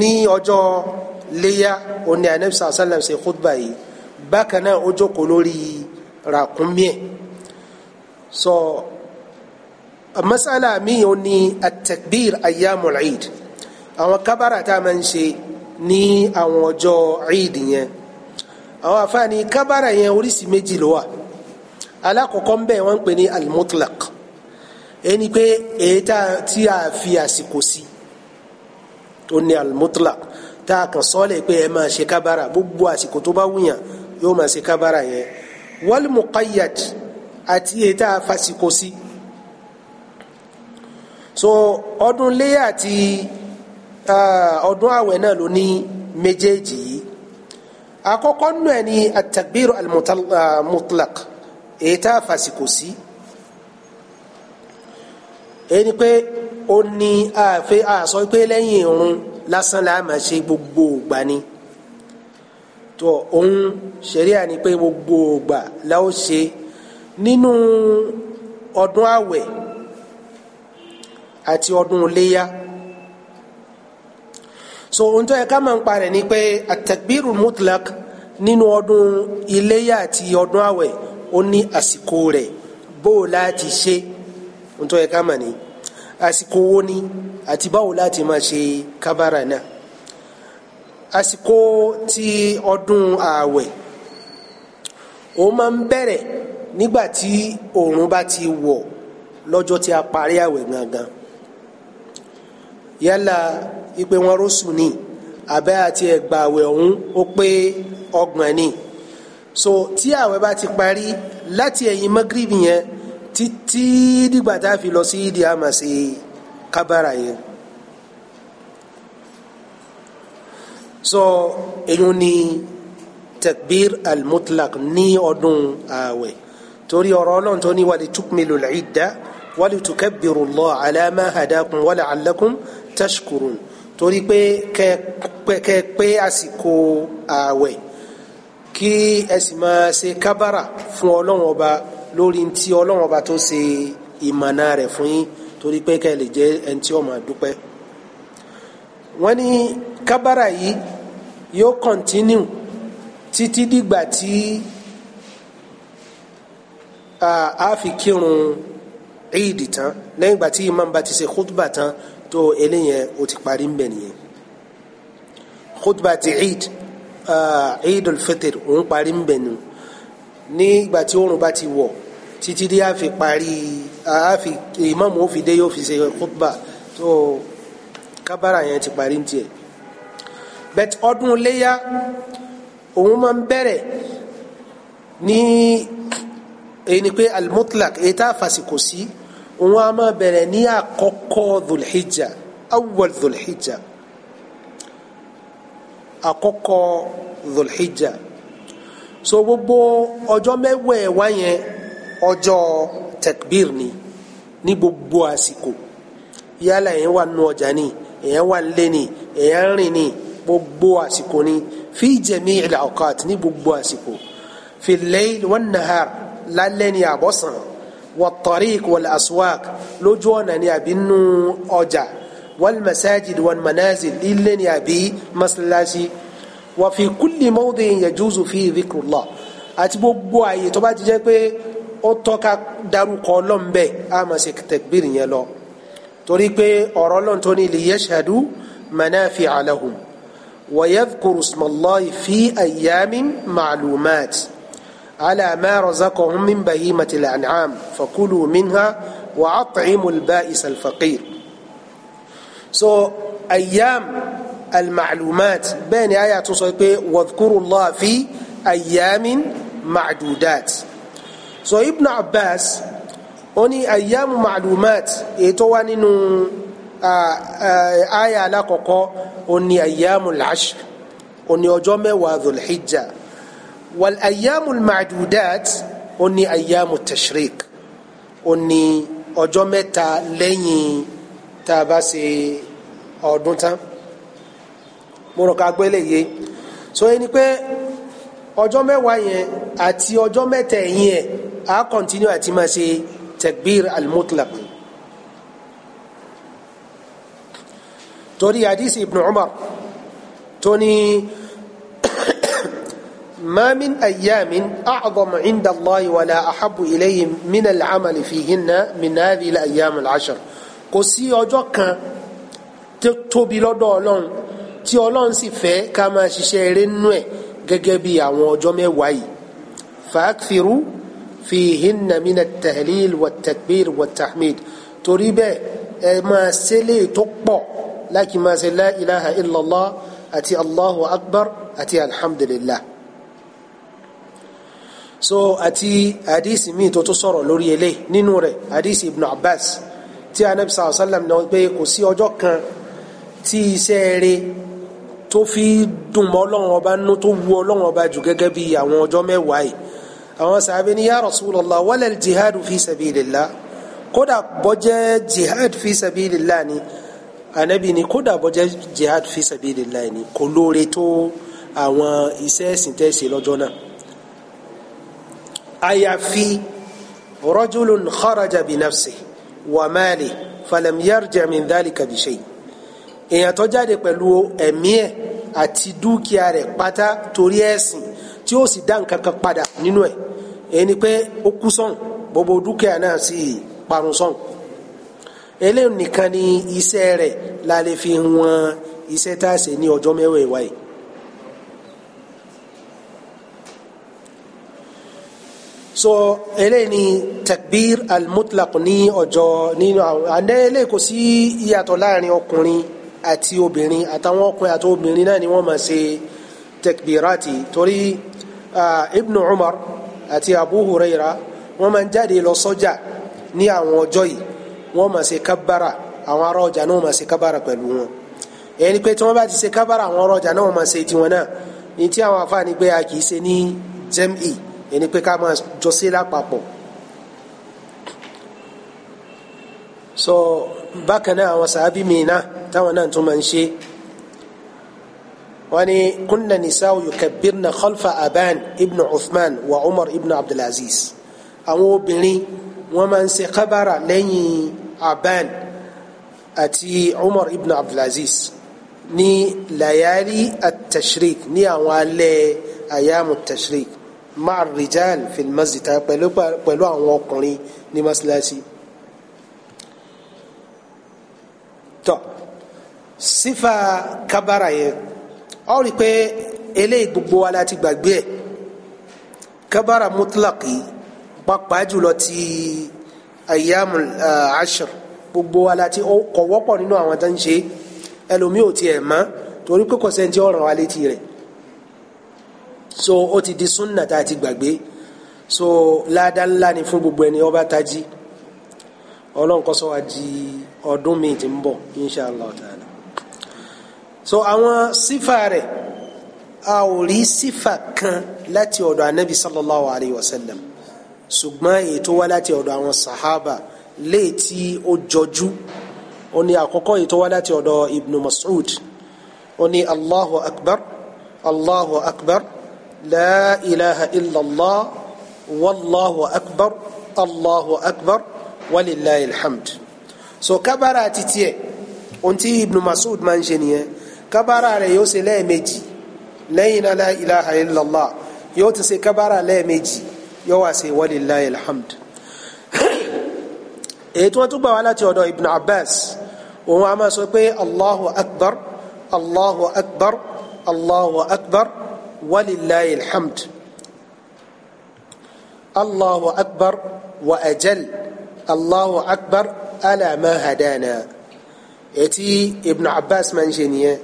ní ọjọ́ léyà òní anabi sàlẹ̀ ṣe khutba yìí bákan náà ó jókòó lórí ràkúnmíẹ̀ so masala mi ò ní atakbir ayyamul eid àwọn kábàrà tá a máa ń ṣe ní àwọn ọjọ́ Eid yẹn àwọn àfáàní kábàrà yẹn oríṣi méjì ló wà alákọ̀ọ́kọ́ ń bẹ̀ wọ́n ń pè ní almutlak ẹni pé èyí tí a fi àsìkò sí ó ní almutlak tá a kàn sọ́ọ̀lẹ̀ pé ẹ máa ṣe kábàrà gbogbo àsìkò tó bá wùyàn yóò máa ṣe kábàrà yẹn wal àti èyí tá sí so ọdún léyà àti. Ah, ọdún àwẹ̀ náà ló ní méjèèjì yìí àkọ́kọ́ nù ẹ̀ ní at-takbiru al-mutlaq ah, èyí tá a fàsìkò sí èyí ni pé ó ní àfẹ́ àsọ pé lẹ́yìn irun lásán la máa ṣe gbogbo ògbà ni tó òun ṣẹ̀ríà ni pé gbogbo ògbà la ṣe nínú ọdún àwẹ̀ àti ọdún iléyà so ohun tó yẹ ká máa ń parẹ́ ni pé atakbiru mutlak nínú ọdún iléyà àti ọdún àwẹ̀ ó ní àsìkò rẹ̀ bó o láti ṣe ohun tó yẹ ká máa ní àsìkò wo ni àti báwo láti máa ṣe kábàrà náà àsìkò ti ọdún ààwẹ̀ ó máa ń bẹ̀rẹ̀ nígbà tí oòrùn bá ti wọ̀ lọ́jọ́ tí a parí ààwẹ̀ gangan yálà ipe wọn rọ́ṣù ni àbẹ́ àti ẹ̀gbàwẹ̀ ọ̀hún ó pé ọgbọ̀n ni so tí àwẹ̀ bá ti parí láti ẹ̀yìn mọ́gírìbì yẹn títí dìgbà tá a fi lọ sí ìdí àmà kábàrà yẹn so èyí ni takbir al-mutlaq ní ọdún àwẹ̀ torí ọ̀rọ̀ ọlọ́run tó ní wàlẹ̀ tukmilu al-idda wàlẹ̀ tukabbiru Allah ala ma hadakum wàlẹ̀ alakum tashkurun torí pé kẹ pé àsìkò ààwẹ̀ kí ẹ sì máa ṣe kábàrà fún ọlọ́run ọba lórí ti ọlọ́run ọba tó ṣe ìmọ̀nà rẹ̀ fún yín torí pé kẹ lè jẹ́ ẹni tí ó máa dúpẹ́ wọ́n ní kábàrà yìí yóò kọ̀ntínú títí dìgbà tí a fi kírun Eid tán lẹ́yìn ìgbà tí imam bá ti ṣe khutba tán tó eléyẹn o ti parí mbẹ nìyẹn khutba ti eid uh, eid al-fitr òun parí mbẹ nù ní ìgbà tí oòrùn bá ti wọ̀ títí dí a fi parí a fi ìmáàmù ó fi dé yóò fi ṣe khutba tó kábàrà yẹn ti parí tiẹ̀ bẹ́t ọdún léyà òun máa ń bẹ̀rẹ̀ ní ẹni pé al-mutlaq èyí sí. Si, òun a máa bẹ̀rẹ̀ ní àkọ́kọ́ dhulhijja awwal dhulhijja àkọ́kọ́ dhulhijja so gbogbo ọjọ́ mẹ́wẹ̀ẹ̀wá yẹn ọjọ́ takbir ni ní gbogbo àsìkò yálà èèyàn wà nù ọjà ni èèyàn wà nílé ni èèyàn rìn ni gbogbo àsìkò ni fi jami'il awqat ní gbogbo àsìkò fi layl wan nahar lálẹ́ ni àbọ̀sán. والطريق والأسواق لجوانا يبن أجا والمساجد والمنازل إلا يبي مسلاسي وفي كل موضع يجوز فيه ذكر الله àti gbogbo àyè tó bá ti jẹ́ pé ó tọ́ka darúkọ ọlọ́run bẹ́ẹ̀ á máa ṣe tẹ̀gbìrì yẹn lọ torí pé ọ̀rọ̀ ọlọ́run tó ní li yashhadu manafi'a lahum wa yadhkuru isma Allahi fi ayyamin ma'lumat. على ما رزقهم من بهيمة الأنعام فكلوا منها وأطعموا البائس الفقير so أيام المعلومات بين آيات صحيحة واذكروا الله في أيام معدودات so ابن عباس أني أيام معلومات يتوانين آية لقوقو أني أيام العشر أني أجمع وذو الحجة والأيام المعدودات أني أيام التشريق أني أجمع ó ní ọjọ́ mẹ́ta lẹ́yìn tá a bá ṣe ọdún tán mo rò ká gbélé yé so ẹni pé ọjọ́ mẹ́wàá yẹn àti ọjọ́ mẹ́ta ẹ̀yìn ẹ̀ á kọ́ntínú àti máa ṣe takbir al torí hadith ibn umar tó ní. ما من أيام أعظم عند الله ولا أحب إليه من العمل فيهن من هذه الأيام العشر kò sí ọjọ́ kan tó tóbi lọ́dọ̀ ọlọ́run tí ọlọ́run sì fẹ́ ká máa ṣiṣẹ́ eré nínú ẹ̀ gẹ́gẹ́ bí àwọn ọjọ́ mẹ́wàá yìí fàákfìrú فيهن من التهليل والتكبير والتحميد torí bẹ́ẹ̀ ẹ máa ṣe lè tó pọ̀ láti máa ṣe la ilaha illallah àti allahu akbar àti alhamdulillah so àti àdìsí míì tó tó sọ̀rọ̀ lórí ilé nínú rẹ̀ àdìsí ibn abbas tí anabi sallallahu alayhi wa sallam náà pé kò sí ọjọ́ kan tí iṣẹ́ rere tó fi dùn mọ́ ọlọ́run ọba nú tó wu ọlọ́run ọba jù gẹ́gẹ́ bí àwọn ọjọ́ mẹ́wàá yìí àwọn sàbẹ̀ ni ya rasulallah wala jihad fi sabilillah kódà bọ́jẹ́ jihad fi sabilillah ni anabi ni kódà bọ́jẹ́ jihad fi sabilillah ni kò lóore tó àwọn iṣẹ́ ẹ̀sìn tẹ́ lọ́jọ́ náà àyàfi rajulun kharaja bi nafsi wa mali falam yarja min dhalika bi èèyàn tó jáde pẹ̀lú ẹ̀mí ẹ̀ àti dúkìá rẹ̀ pátá torí ẹ̀sìn tí ó sì dá nǹkan kan padà nínú ẹ̀ ẹni pé ó kú sọ̀n gbogbo dúkìá náà sì parun sọ̀n eléyìí nìkan ni iṣẹ́ rẹ̀ la lè fi wọn iṣẹ́ tá a ṣe ní ọjọ́ mẹ́wàá so eléyìí ni takbir almutlaq ní ọjọ́ nínú àwọn àndé eléyìí kò sí ìyàtọ̀ láàrin ọkùnrin àti obìnrin àtàwọn ọkùnrin àti obìnrin náà ni wọ́n máa ṣe takbirati torí ibn umar àti abu huraira wọ́n máa ń jáde lọ sọ́jà ní àwọn ọjọ́ yìí wọ́n máa ṣe kábàrà àwọn ará ọjà náà máa ṣe kábàrà pẹ̀lú wọn ẹni pé tí wọ́n bá ti ṣe kábàrà àwọn ará ọjà náà máa ṣe tiwọn náà ní tí àwọn afáàní gbé a kì í ṣe ní jẹ́mì ẹni pé ká máa jọ lápapọ̀ so bákan náà àwọn sàábì mìíràn táwọn náà tún máa ń ṣe wọ́n ní kunna nisa'u yukabbirna khalfa aban ibn uthman wa umar ibn abdulaziz àwọn obìnrin wọ́n máa ń ṣe kábàrà lẹ́yìn aban àti umar ibn abdulaziz ní layali at-tashrik ní àwọn alẹ́ ayamu tashrik ma'a rijal fil masjid pẹ̀lú pẹ̀lú àwọn ọkùnrin ní mọ́sálásí. tọ́ sífà kábàrà yẹn ọ rí i pé eléyìí gbogbo wa láti gbàgbé ẹ̀ kábàrà mutlaki pàápàá jùlọ ti ayyamu ashr gbogbo wa láti kọ̀ wọ́pọ̀ nínú àwọn tó ń ṣe ẹlòmíì ò tiẹ̀ mọ́ torí pé kò sẹ́ni tí ó ràn létí rẹ̀ so ó ti di sunna tá a ti gbàgbé so ládàá ńlá ni fún gbogbo ẹni ọba tají ọlọ́run kó sọ wá di ọdún míì tí ń bọ̀ inshallah ta'ala so àwọn sífà rẹ̀ a ò rí sífà kan láti ọ̀dọ̀ anabi sallallahu alayhi wa sallam ṣùgbọ́n ètò wá láti ọ̀dọ̀ àwọn sahaba léètí ó jọjú ó ní àkọ́kọ́ ètò wá láti ọ̀dọ̀ ibn Mas'ud ó ní allahu akbar allahu akbar. لا إله إلا الله والله أكبر الله أكبر ولله الحمد so kabara titi ẹ onti ibnu masud máa ń ṣe nìyẹn kabara rẹ̀ yóò ṣe lẹ́ẹ̀mejì lẹ́yìn náà la ilaha illallah yóò ti ṣe kabara lẹ́ẹ̀mejì yóò wá ṣe walilayi alhamd. èyí tí wọ́n tún gbà wá láti ibnu abbas òun a máa sọ pé allahu akbar allahu akbar allahu akbar walilayi alhamd allahu akbar wa ajal allahu akbar alama hadana etí ibn abbas máa ń ṣe nìyẹn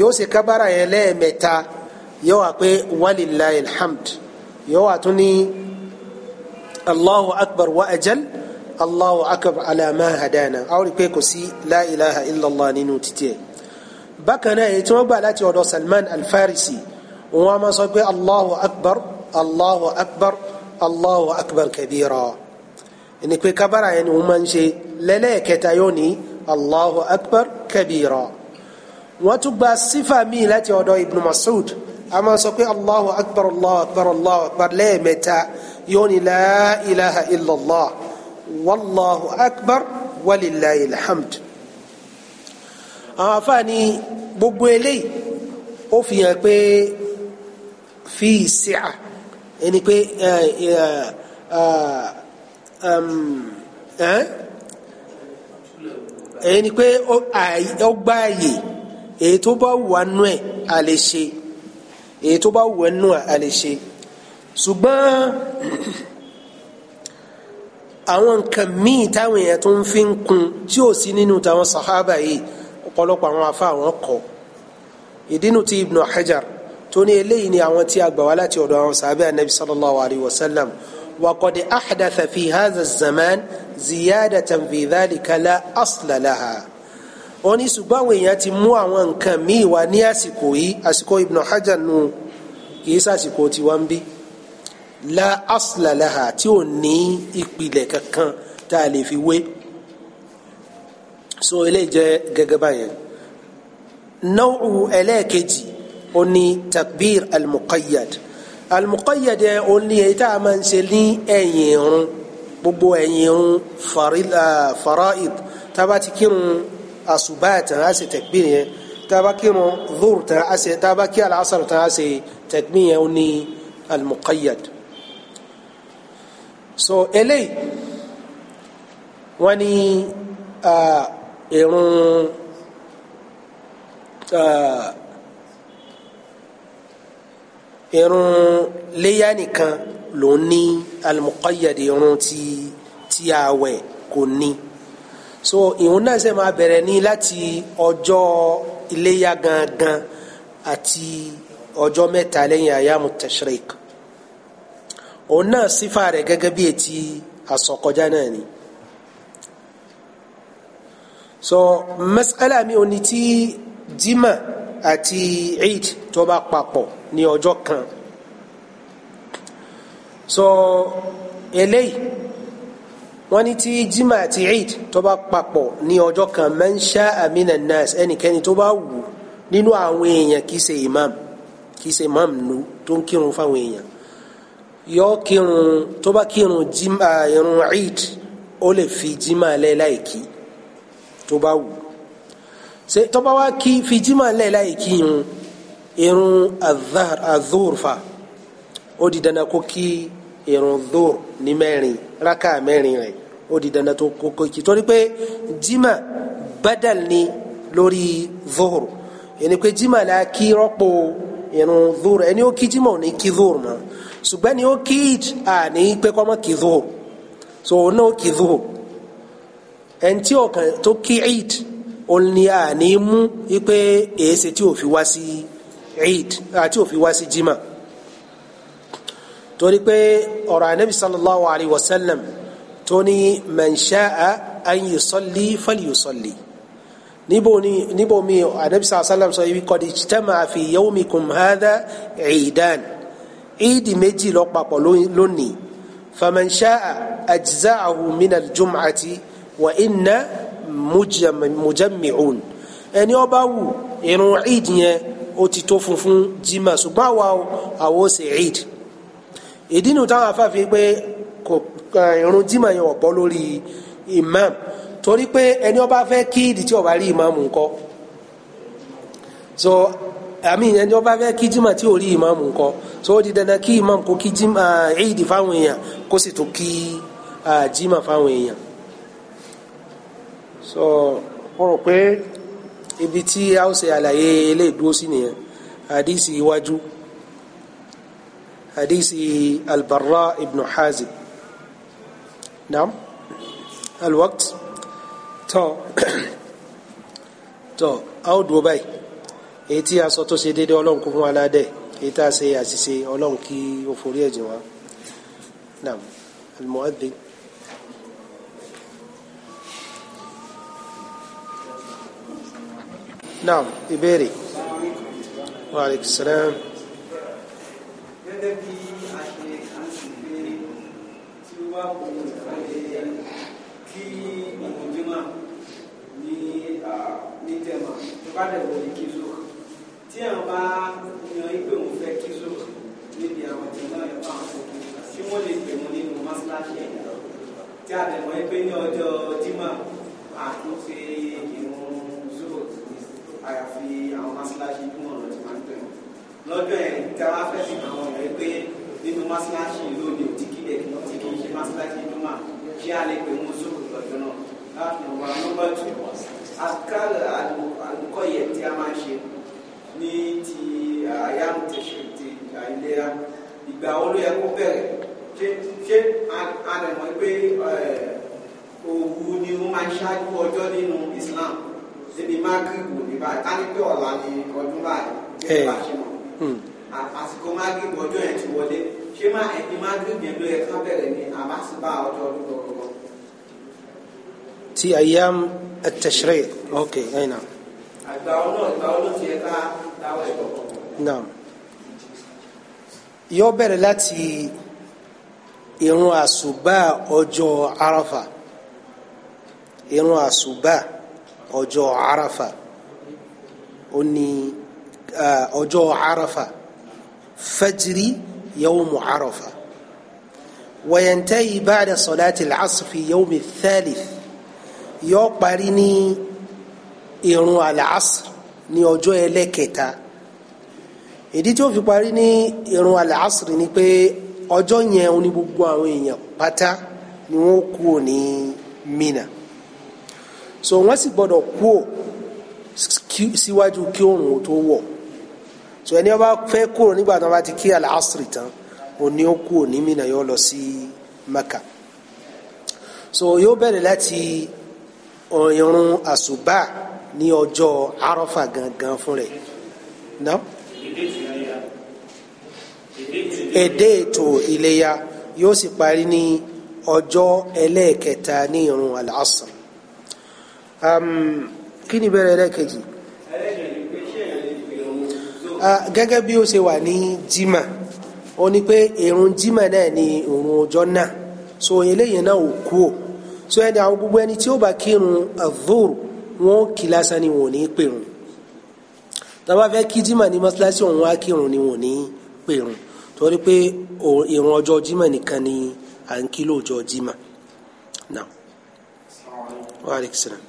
yóò ṣe kábàrà yẹn lẹ́ẹ̀mẹ́ta yóò wá pé walilayi alhamd yóò wá tún ní allahu akbar wa ajal allahu akbar alama hadana àwọn rí i pé kò sí la ilaha illallah nínú títí ẹ bákan náà èyí tí wọ́n gbà láti ọ̀dọ̀ salman alfarisi wọn a máa sọ pé allahu akbar allahu akbar allahu akbar kabira ẹni pé kábàrà yẹn ni wọn máa ń ṣe lẹ́lẹ́ẹ̀kẹta yóò ní allahu akbar kabira wọn tún gba sífà míì láti ọ̀dọ̀ ibn mas'ud a máa sọ pé allahu akbar allahu akbar allahu akbar lẹ́ẹ̀mẹ́ta yóò ní la ilaha illallah wallahu akbar walilayi alhamdu àwọn afáàní gbogbo eléyìí ó fi hàn pé fi ìsíà ẹni pé ẹni pé ó gbá ààyè èyí tó bá wà nú ẹ̀ a lè ṣe èyí tó bá wà nú ẹ̀ a lè ṣe ṣùgbọ́n àwọn nǹkan míì táwọn èèyàn tó ń fi ń kun tí ò sí nínú táwọn sàhábà yìí ọ̀pọ̀lọpọ̀ àwọn afá àwọn kọ̀ ìdínú ti Ibn Hajar tó ní eléyìí ni àwọn tí a gbà wá láti ọ̀dọ̀ àwọn sàbẹ̀ anabi sallallahu alayhi wa sallam wa qad ahdatha fi hadha zaman ziyadatan fi dhalika la asla laha wọ́n ní ṣùgbọ́n àwọn èèyàn ti mú àwọn nǹkan míì wá ní àsìkò yìí àsìkò ibn hajar nù kìí sàsìkò tiwa ń bí la asla tí ò ní ìpìlẹ̀ kankan tá a lè fi wé so eléyìí jẹ́ gẹ́gẹ́ báyẹn náwó ẹlẹ́ẹ̀kejì ó ní takbir al-muqayyad al-muqayyad yẹn ó ní èyí tá a máa ń ṣe ní ẹ̀yìn irun gbogbo ẹ̀yìn irun faraid tába ti kírun àṣùbà tán takbir yẹn tába kírun dhuhr tán á ṣe tába kí al-asr takbir yẹn ó ní so eléyìí wọ́n ní irun. Uh, irun léyà nìkan ló ní alimuqayyad irun ti ti àwẹ̀ kò ní so ìhun náà ṣe máa bẹ̀rẹ̀ ní láti ọjọ́ iléyà gangan àti ọjọ́ mẹ́ta lẹ́yìn ayamu tashrik òun náà sífà rẹ̀ gẹ́gẹ́ bí etí asọ̀kọjá náà ni so mas'ala mi ò ní ti jimá àti eid tó bá papọ̀ ní ọjọ́ kan so eléyìí wọ́n ní tí jimá àti eid tó bá papọ̀ ní ọjọ́ kan mẹ́ńṣá amina nas ẹnikẹ́ni tó bá wù nínú àwọn èèyàn kì í ṣe imam kì í ṣe imam nu tó ń kírun fáwọn èèyàn yọ kírun tó bá kírun jimá irun eid ó lè fi jimá lẹ̀ láìkí tó bá wù tó bá wá kí fi jimá lẹ̀ láìkí irun. irun azurfa o dida na kooki irun zur ni merin raka merin rai o dida na to kooki tori kwe jima badal ni lori zur e ni kwe jima la kiropo irun zur e ni o kijimo na iki zur na sugbe ni o kii a ni kwe koma ki zur so o nio ki zur enki o ka to kii 8 on ni a ni mu ikpe ese ti o fi wasi eid àti òfin wá sí jimá torí pé ọ̀rọ̀ anabi sallallahu alayhi wa sallam tó ní man sha'a an yusalli falyusalli níbo ni níbo mi anabi sàlá sàlám sọ ibi kọ́ni ijtama'a fi yawmikum hadha ìdán ìdí méjì lọ papọ̀ lónìí faman sha'a ajza'ahu minal jum'ati wa inna mujammi'un ẹni ó wù irun ìdí yẹn ó ti tó funfun jimá ṣùgbọ́n àwa àwo ṣe eid ìdí nu táwọn afáfin pé kò irun jimá yẹn ọ̀pọ̀ lórí imam torí pé ẹni ó fẹ́ kí ìdí tí ó rí imam ńkọ́ so àmì ẹni ó bá fẹ́ kí jimá tí ò rí imam ńkọ́ so ó di dandan kí imam kó kí jimá eid fáwọn èèyàn kó sì tó kí jimá fáwọn èèyàn so mo pé ibi tí a ó ṣe àlàyé eléyìí dúró sí nìyẹn hadisi iwájú hadisi albarra ibn hazib naam alwakt tó tó a ó dúró báyìí èyí tí a sọ tó ṣe déédéé ọlọ́run kún fún aládé èyí tá a ṣe àṣìṣe ọlọ́run kí ó forí ẹ̀jẹ̀ wá naam almu'adhdhin. نعم ìbéèrè wa السلام. tí a dẹ̀ mọ́ ẹgbẹ́ ní ọjọ́ Jímọ̀ àtúnṣe kí àyàfi àwọn mọ́sálásí tó mọ̀ lọ́ọ́ ti máa ń pè wọ́n lọ́jọ́ ẹ̀ tí a wá fẹ́ fi àwọn ọ̀rọ̀ yẹn pé nínú mọ́sálásí lóde tí kí lẹ́kì náà ti kì í ṣe mọ́sálásí tó mà kí a lè pè wọ́n sóòrò lọ́jọ́ náà láti wà nọ́mbà tù àkàrà àlùkọ́ yẹn tí a máa ń ṣe ní ti àyàmù tẹ̀sán ti àìlera ìgbà wo ló yẹ kó bẹ̀rẹ̀ ṣé ṣé a lè mọ̀ pé òwú ni wọ́n máa ń ṣáájú ọjọ́ nínú Islam síbi mágírìbù ní báyìí ká ní pé ọ̀la ni ọdún báyìí tí ẹ bá ṣe mọ̀ hmm. àsìkò mágírìbù ọjọ́ yẹn ti wọlé ṣé má ẹni mágírìbù yẹn ló yẹ ká bẹ̀rẹ̀ ní àbáṣibá ọjọ́ ọdún gbọ̀gbọ̀. ti ayyam at-tashri' ok ẹ̀yìn náà. àgbà ọ̀nà ìgbà ti yẹ ká dáwọ́ ẹ̀kọ́. náà yóò bẹ̀rẹ̀ láti ìrun àsùbá ọjọ́ arafa ìrun àsùbá ọjọ́ arafa ó ní ọjọ́ arafa fajiri yawmu arafa wayantayi baada sọláàtì làásìfì yawmi thalith yóò parí ní irun àlàásì ní ọjọ́ ẹlẹ́kẹta ìdí tí ó fi parí ní irun àlàásì ni pé ọjọ́ yẹn ó ní gbogbo àwọn èèyàn pátá ni wọ́n kú ní mina so wọ́n sì gbọ́dọ̀ kú ò síwájú kí oòrùn tó wọ̀ so ẹni ó bá fẹ́ kúrò nígbà tí wọ́n bá ti kí àlàásìrì tán òní ó kúrò ní Mínà yóò lọ sí Mẹ́kà so yóò bẹ̀rẹ̀ láti ọ̀yọ̀run àṣùbà ní ọjọ́ arọ́fà gangan fún rẹ̀ ná. èdè ètò ìléyá yóò sì parí ní ọjọ́ ẹlẹ́ẹ̀kẹta ní ìrun àlàásàn. Um, kí ni bẹ̀rẹ̀ ẹlẹ́kejì uh, gẹ́gẹ́ bí ó ṣe wà ní jimá ó ní pé ìrun jimá náà ni ìrun ọjọ́ náà so eléyìí náà ò kú o so ẹni àwọn gbogbo ẹni tí ó bá kírun adhur wọn kì lásán ni wọn ò ní pèrun tá bá fẹ́ kí jimá ní mọ́ṣáláṣí òun wá kírun ni wọn ò ní pèrun torí pé ìrun ọjọ́ jimá nìkan ni à ń kí lóòjọ́ jimá náà wa aleykum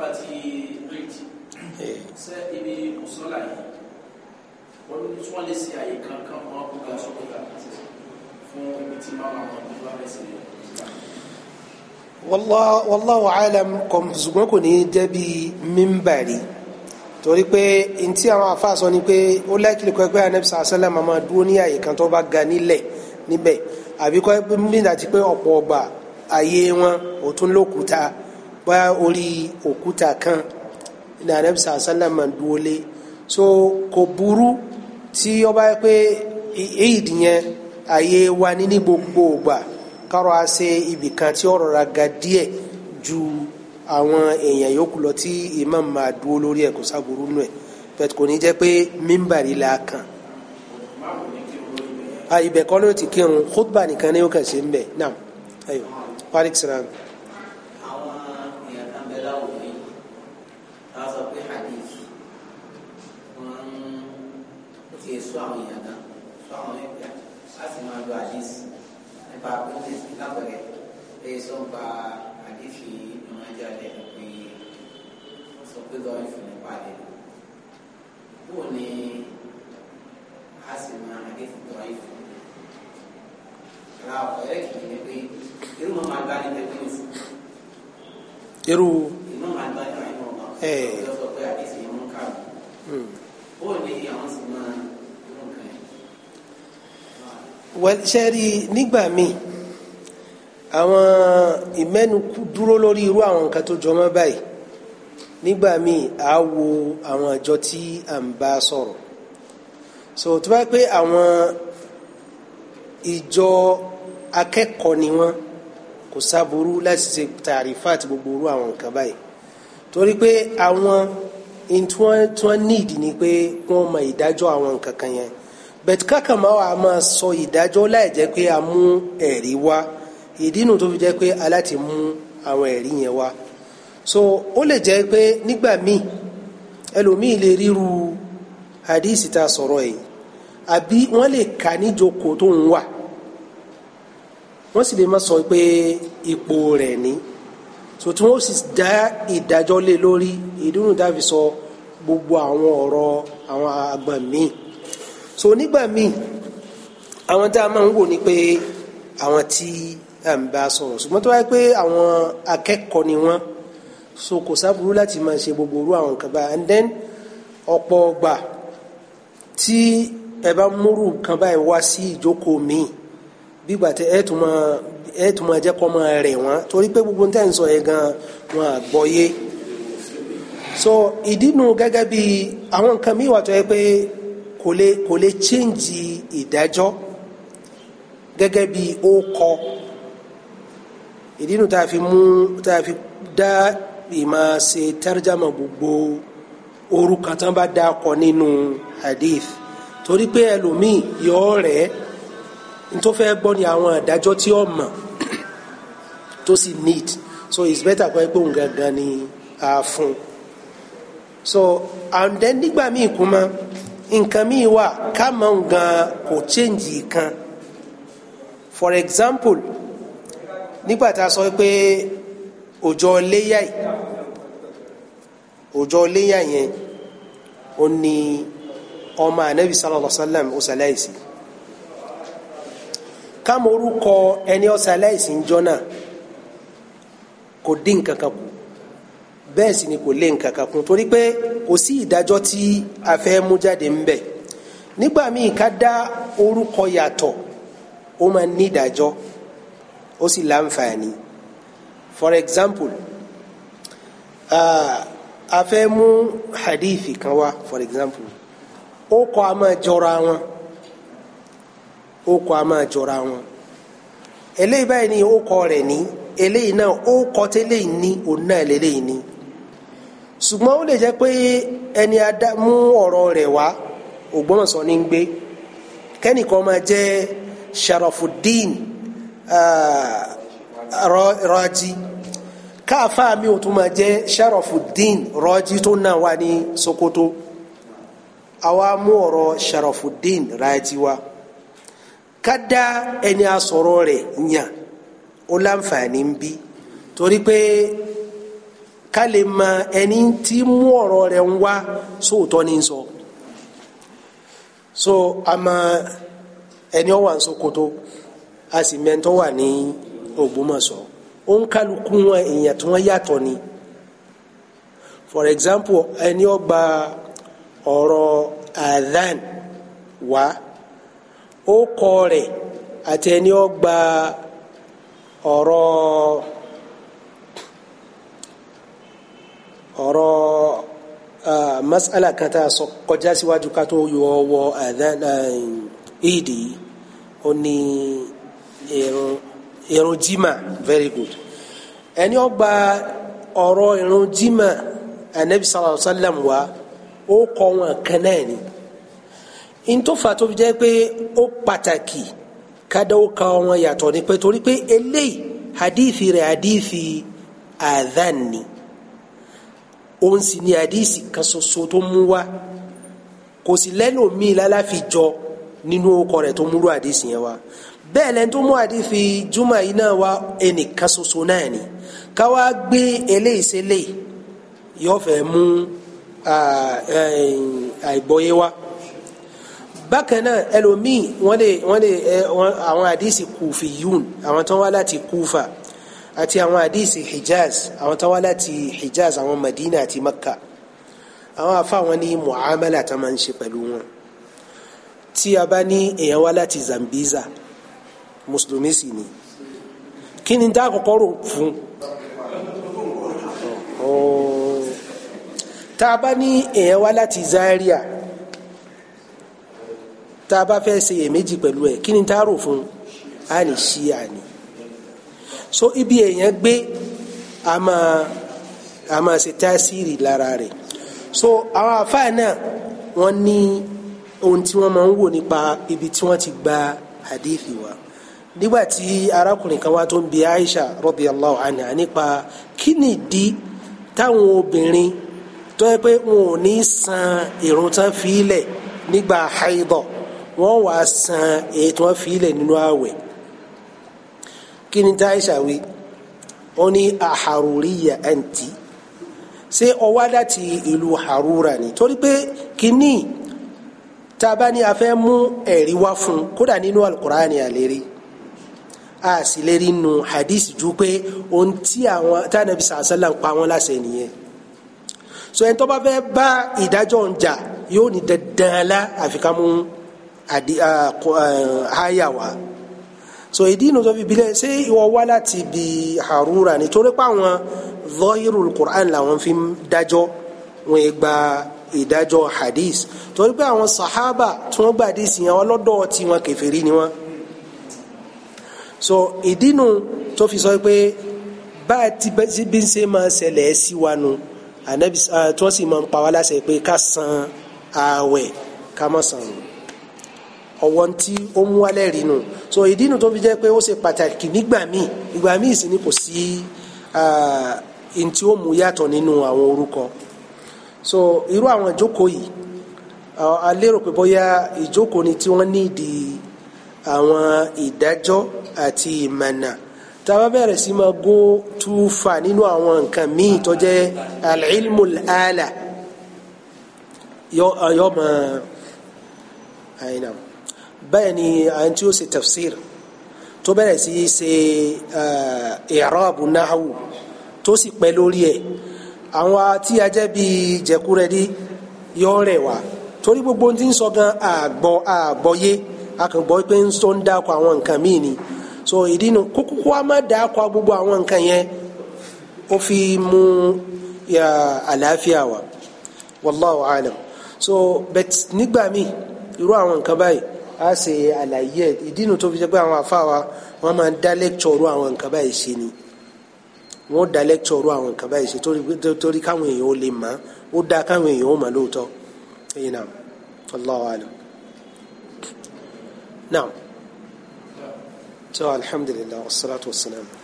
nípa ti rate ṣé ibi mùsọ́là yìí wọ́n ní tí wọ́n lè ṣe àyè kankan wọn kó ga sókè fún ibi tí máa máa wọn nípa ẹsẹ̀ wallahu alam kọm ṣùgbọ́n kò ní jẹ́ bí mímbàrí torí pé n tí àwọn afa sọ ni pé ó lẹ́kìlì kọ́ pé anabi sàásẹ́lá màmá dúró ní àyè kan tó bá ga nílẹ̀ níbẹ̀ àbíkọ́ bí àti pé ọ̀pọ̀ ọgbà àyè wọn ò tún lókùúta bóyá orí òkúta kan ní anabisa sallam máa so kò burú tí ó bá yẹ pé eid yẹn àyè wa ní ní gbogbo ògbà kárọ̀ á ṣe ibìkan tí ó rọra ga díẹ̀ ju àwọn èèyàn yòókù lọ tí imam máa dúró lórí ẹ̀ kò sábúrú nù ẹ̀ bẹ́ẹ̀ kò ní jẹ́ pé mímbàrí la kàn ah, ibẹ̀ kọ́ ló ti kírun khutba nìkan ni ó kàn ṣe ń bẹ̀ náà ayo parí sinamu. sọ àwọn èèyàn náà sọ àwọn ẹgbẹ́ a sì máa lo àdìs nípa pínlẹ̀ lápẹ̀rẹ̀ bẹ́ẹ̀ sọ ń pa àdìsí ìmọ̀ọ́jà lẹ́nu pé sọ pé lọ́ọ́ ìfún nípa rẹ̀ bó ni a sì máa àdìsí lọ́ọ́ ìfún ra ọ̀rẹ́ kìí ni pé irú mọ́ máa gbá ní ẹgbẹ́ nìsí. irú. ìmọ̀ máa gbá ní ọ̀rẹ́ mọ́ máa. ọ̀rẹ́ sọ pé àdìsí ìmọ̀ ń kà mí. bó ni àwọn sì máa sẹ́rí nígbà míì àwọn ìmẹ́nu dúró lórí irú àwọn nǹkan tó jọmọ́ báyìí nígbà míì á wo àwọn àjọ tí à ń bá sọ̀rọ̀ so tó bá pé àwọn ìjọ akẹ́kọ̀ọ́ ni wọ́n kò sáburú láti ṣe tàrífàtì gbogbo orú àwọn nǹkan báyìí torí pé àwọn tí wọ́n need ni pé wọ́n mọ ìdájọ́ àwọn nǹkan kan yẹn bẹ̀t kákan máa wà máa sọ ìdájọ́ láì jẹ́ pé a mú ẹ̀rí wá ìdínú tó fi jẹ́ pé aláti mú àwọn ẹ̀rí yẹn wá so ó lè jẹ́ pé nígbà míì ẹlòmíì lè ríru hadith ta sọ̀rọ̀ yìí àbí wọ́n lè kà níjókòó tó ń wà wọ́n sì lè má sọ pé ipò rẹ̀ ní so tí wọ́n sì dá ìdájọ́ lé lórí ìdúnnù dáfi sọ gbogbo àwọn ọ̀rọ̀ àwọn àgbà míì so nígbà míì àwọn tá a máa ń wò ni pé àwọn tí à ń bá sọ̀rọ̀ ṣùgbọ́n tó wáyé pé àwọn akẹ́kọ̀ọ́ ni wọ́n so kò sábúrú láti máa ṣe gbogbo orú àwọn nǹkan báyìí and then ọ̀pọ̀ ọgbà tí ẹ bá múrù kan báyìí wá sí ìjókòó míì bígbà tẹ ẹ tún máa ẹ tún máa jẹ́ kọ́ máa rẹ̀ wọ́n torí pé gbogbo ní tẹ̀sán yẹn gan wọn àgbọ́yé so ìdí nu gẹ́gẹ́ bí àwọn nǹkan míì wà tó yẹ pé kò lè kò lè change ìdájọ́ gẹ́gẹ́ bí ó kọ ìdínú tá a fi mú tá a fi dá ìmọ̀ ṣe tarjama gbogbo orúkọ tán bá dá kọ nínú hadith torí pé ẹlòmíì yọ rẹ̀ tó fẹ́ gbọ́ ni àwọn ìdájọ́ tí ó mọ̀ tó sì need so it's better kọ́ ẹ pé òun gangan ni a fún so and then nígbà míì kú mọ́ nǹkan míì wa ká máa gan kò change kan for example nígbà tá a sọ pé ọjọ́ léyà yìí ọjọ́ léyà yẹn ó ní ọmọ anabi sallallahu alaihi wa sallam ó ṣaláìsí ká mọ orúkọ ẹni ó ṣaláìsí ń jọ náà kò dín nǹkan kù bẹ́ẹ̀ sì ni kò lè nǹkan kan kún torí pé kò sí ìdájọ́ tí a fẹ́ mú jáde ń bẹ̀ nígbà míì ká dá orúkọ yàtọ̀ ó máa ní ìdájọ́ ó sì láǹfààní for example uh, a fẹ́ mú hadithi kan wá for example ó kọ́ a máa jọra wọn ó kọ́ a máa jọra wọn eléyìí báyìí ni ó kọ́ rẹ̀ ní eléyìí náà ó kọ́ tẹ́lẹ̀ ní òun náà ṣùgbọ́n ó lè jẹ́ pé ẹni mú ọ̀rọ̀ rẹ̀ wá Ògbómọ̀ṣọ́ ní gbé kẹ́nìkan máa jẹ́ Sharafuddin ah, Raji káàfá mi ò tún máa jẹ́ Sharafuddin Raji tó náà wà ní Sokoto àwa mú ọ̀rọ̀ Sharafuddin Raji wa ká dá ẹni asọ̀rọ̀ rẹ̀ yàn ó láǹfààní ń bí torí pé kalema ɛni ti mɔrɔ rɛ wa so tɔ ni sɔ so ama ɛni wa so koto asi mɛntɔ wa ni o boma sɔ o nkalu kun wa ɛnyɛ tɔn ni for example ɛni wa gba ɔrɔ adan wa o kɔɔ rɛ ati ɛni wa gba ɔrɔ. Oro... ọ̀rọ̀ masala kọjá síwájú ká tó yọ ọwọ́ ó irun jima ẹni ó gba ọ̀rọ̀ irun jima anabi sallallahu alayhi wa sallam wa ó kọ wọn kan ni ntòfà tó fi jẹ́ pé ka wọn yàtọ̀ ni pé torí pé eléyìí hadithi rẹ̀ hadithi òun sì ni àdíìsì kan ṣoṣo tó mú wá kò sì lẹ́nu mi lálàfi jọ nínú orúkọ rẹ̀ tó múrú àdíìsì yẹn wá bẹ́ẹ̀ lẹ́ni tó mú àdíìsì juma yìí náà wá ẹnìkan ṣoṣo náà ni káwá gbé eléyìí sẹ́lẹ̀ yóò fẹ́ mú àìgbọ́yé wá bákan náà ẹlòmíì wọ́n lè wọ́n lè àwọn àdíìsì kùfìyún àwọn tó wá láti kúfà àti àwọn àdìsí hijaz àwọn tó wá láti hijaz àwọn madina àti makka àwọn afa wọn ní muamala tó máa ń ṣe pẹ̀lú wọn tí a bá ní èèyàn wá láti zambiza mùsùlùmí sì ni kí ni dá àkọ́kọ́ rò fún tá a bá ní èèyàn wá láti zaria tá a bá fẹ́ ṣe èméjì pẹ̀lú ẹ̀ kí ni tá rò fún a ní ṣíà so ibi èèyàn gbé a máa a máa ṣe tásìrì lára rẹ̀ so àwọn àfáà náà wọ́n ní ohun tí wọ́n máa ń wò nípa ibi tí wọ́n ti gba hadithi wa nígbà tí arákùnrin kan wá tó ń bi Aisha radiyallahu anha nípa kí ni ìdí táwọn obìnrin tó yẹ pé wọn ò ní san ìrun tán fi ilẹ̀ nígbà haidọ̀ wọ́n wàá san èyí tí wọ́n fi ilẹ̀ nínú ààwẹ̀ kí ni táyísà wí ó ní àhàrùríyà àǹtí ṣé ọwá láti ìlú harura ni torí pé kínní tá a bá ní a fẹ́ mú ẹ̀rí wá fún kódà nínú alukur'ani àlérí a sì lè rí nu hadith ju pé ohun tí àwọn tánàbí sàásálà ń pa wọ́n láṣẹ nìyẹn so ẹni tó bá fẹ́ bá ìdájọ́ ń jà yóò ní dandan la àfi ká mú àyà wá so ìdí inú tó fi bilẹ̀ ṣé ìwọ wá láti bi harura ni torí pé àwọn zahirul Qur'an làwọn fi ń dájọ́ wọn gba ìdájọ́ hadith torí pé àwọn sahaba tí wọ́n gba hadith yẹn wọn lọ́dọ̀ tí wọn kèfèrí ni wọn so ìdí inú tó fi sọ pé bá a ti bí ń ṣe máa ṣẹlẹ̀ sí wa nu tí wọ́n sì máa ń pa wá láṣẹ pé ká san ààwẹ̀ ká má san ọwọ́ tí ó mú wálẹ̀ rí so ìdí inú tó fi jẹ́ pé ó ṣe pàtàkì nígbà míì ìgbà míì sì ni kò sí ntí ó mú yàtọ̀ nínú àwọn orúkọ so irú àwọn ìjókòó yìí a lérò pé bóyá ìjókòó ni tí wọ́n ní ìdí àwọn ìdájọ́ àti ìmọ̀nà tá a bá bẹ̀rẹ̀ sí máa gó túfà nínú àwọn nǹkan míì tó jẹ́ al-ilmul yọ ọ yọ mọ àyìnà bẹ́ẹ̀ ni àwọn tí ó ṣe tafsir tó bẹ̀rẹ̀ sí í ṣe ìrọ́bù náhù tó sì pẹ́ lórí ẹ̀ àwọn tí a jẹ́ bíi jẹ̀kúrẹ́dí yọ rẹ̀ wá torí gbogbo ohun tí ń sọ gan àgbọ̀ àgbọ̀yé akàngbọ̀ pé ń tó ń dákọ̀ àwọn nǹkan míì ni so ìdí nu kúkú kó a má dákọ̀ gbogbo àwọn nǹkan yẹn ó fi mú àlàáfíà wá wallahu alam so but nígbà míì irú àwọn nǹkan báyìí á ṣe àlàyé ẹ̀ ìdínú tó fi jẹ́ pé àwọn afáwa wọ́n máa ń dá lẹ́kṣọ̀rù àwọn nǹkan báyìí ṣe ni wọ́n dá lẹ́kṣọ̀rù àwọn nǹkan báyìí ṣe torí káwọn èèyàn ó lè mọ̀ ó dá káwọn èèyàn ó mọ̀ lóòótọ́ ẹ̀yìn náà Allahu alam náà tó alhamdulillah wassalatu wassalamu.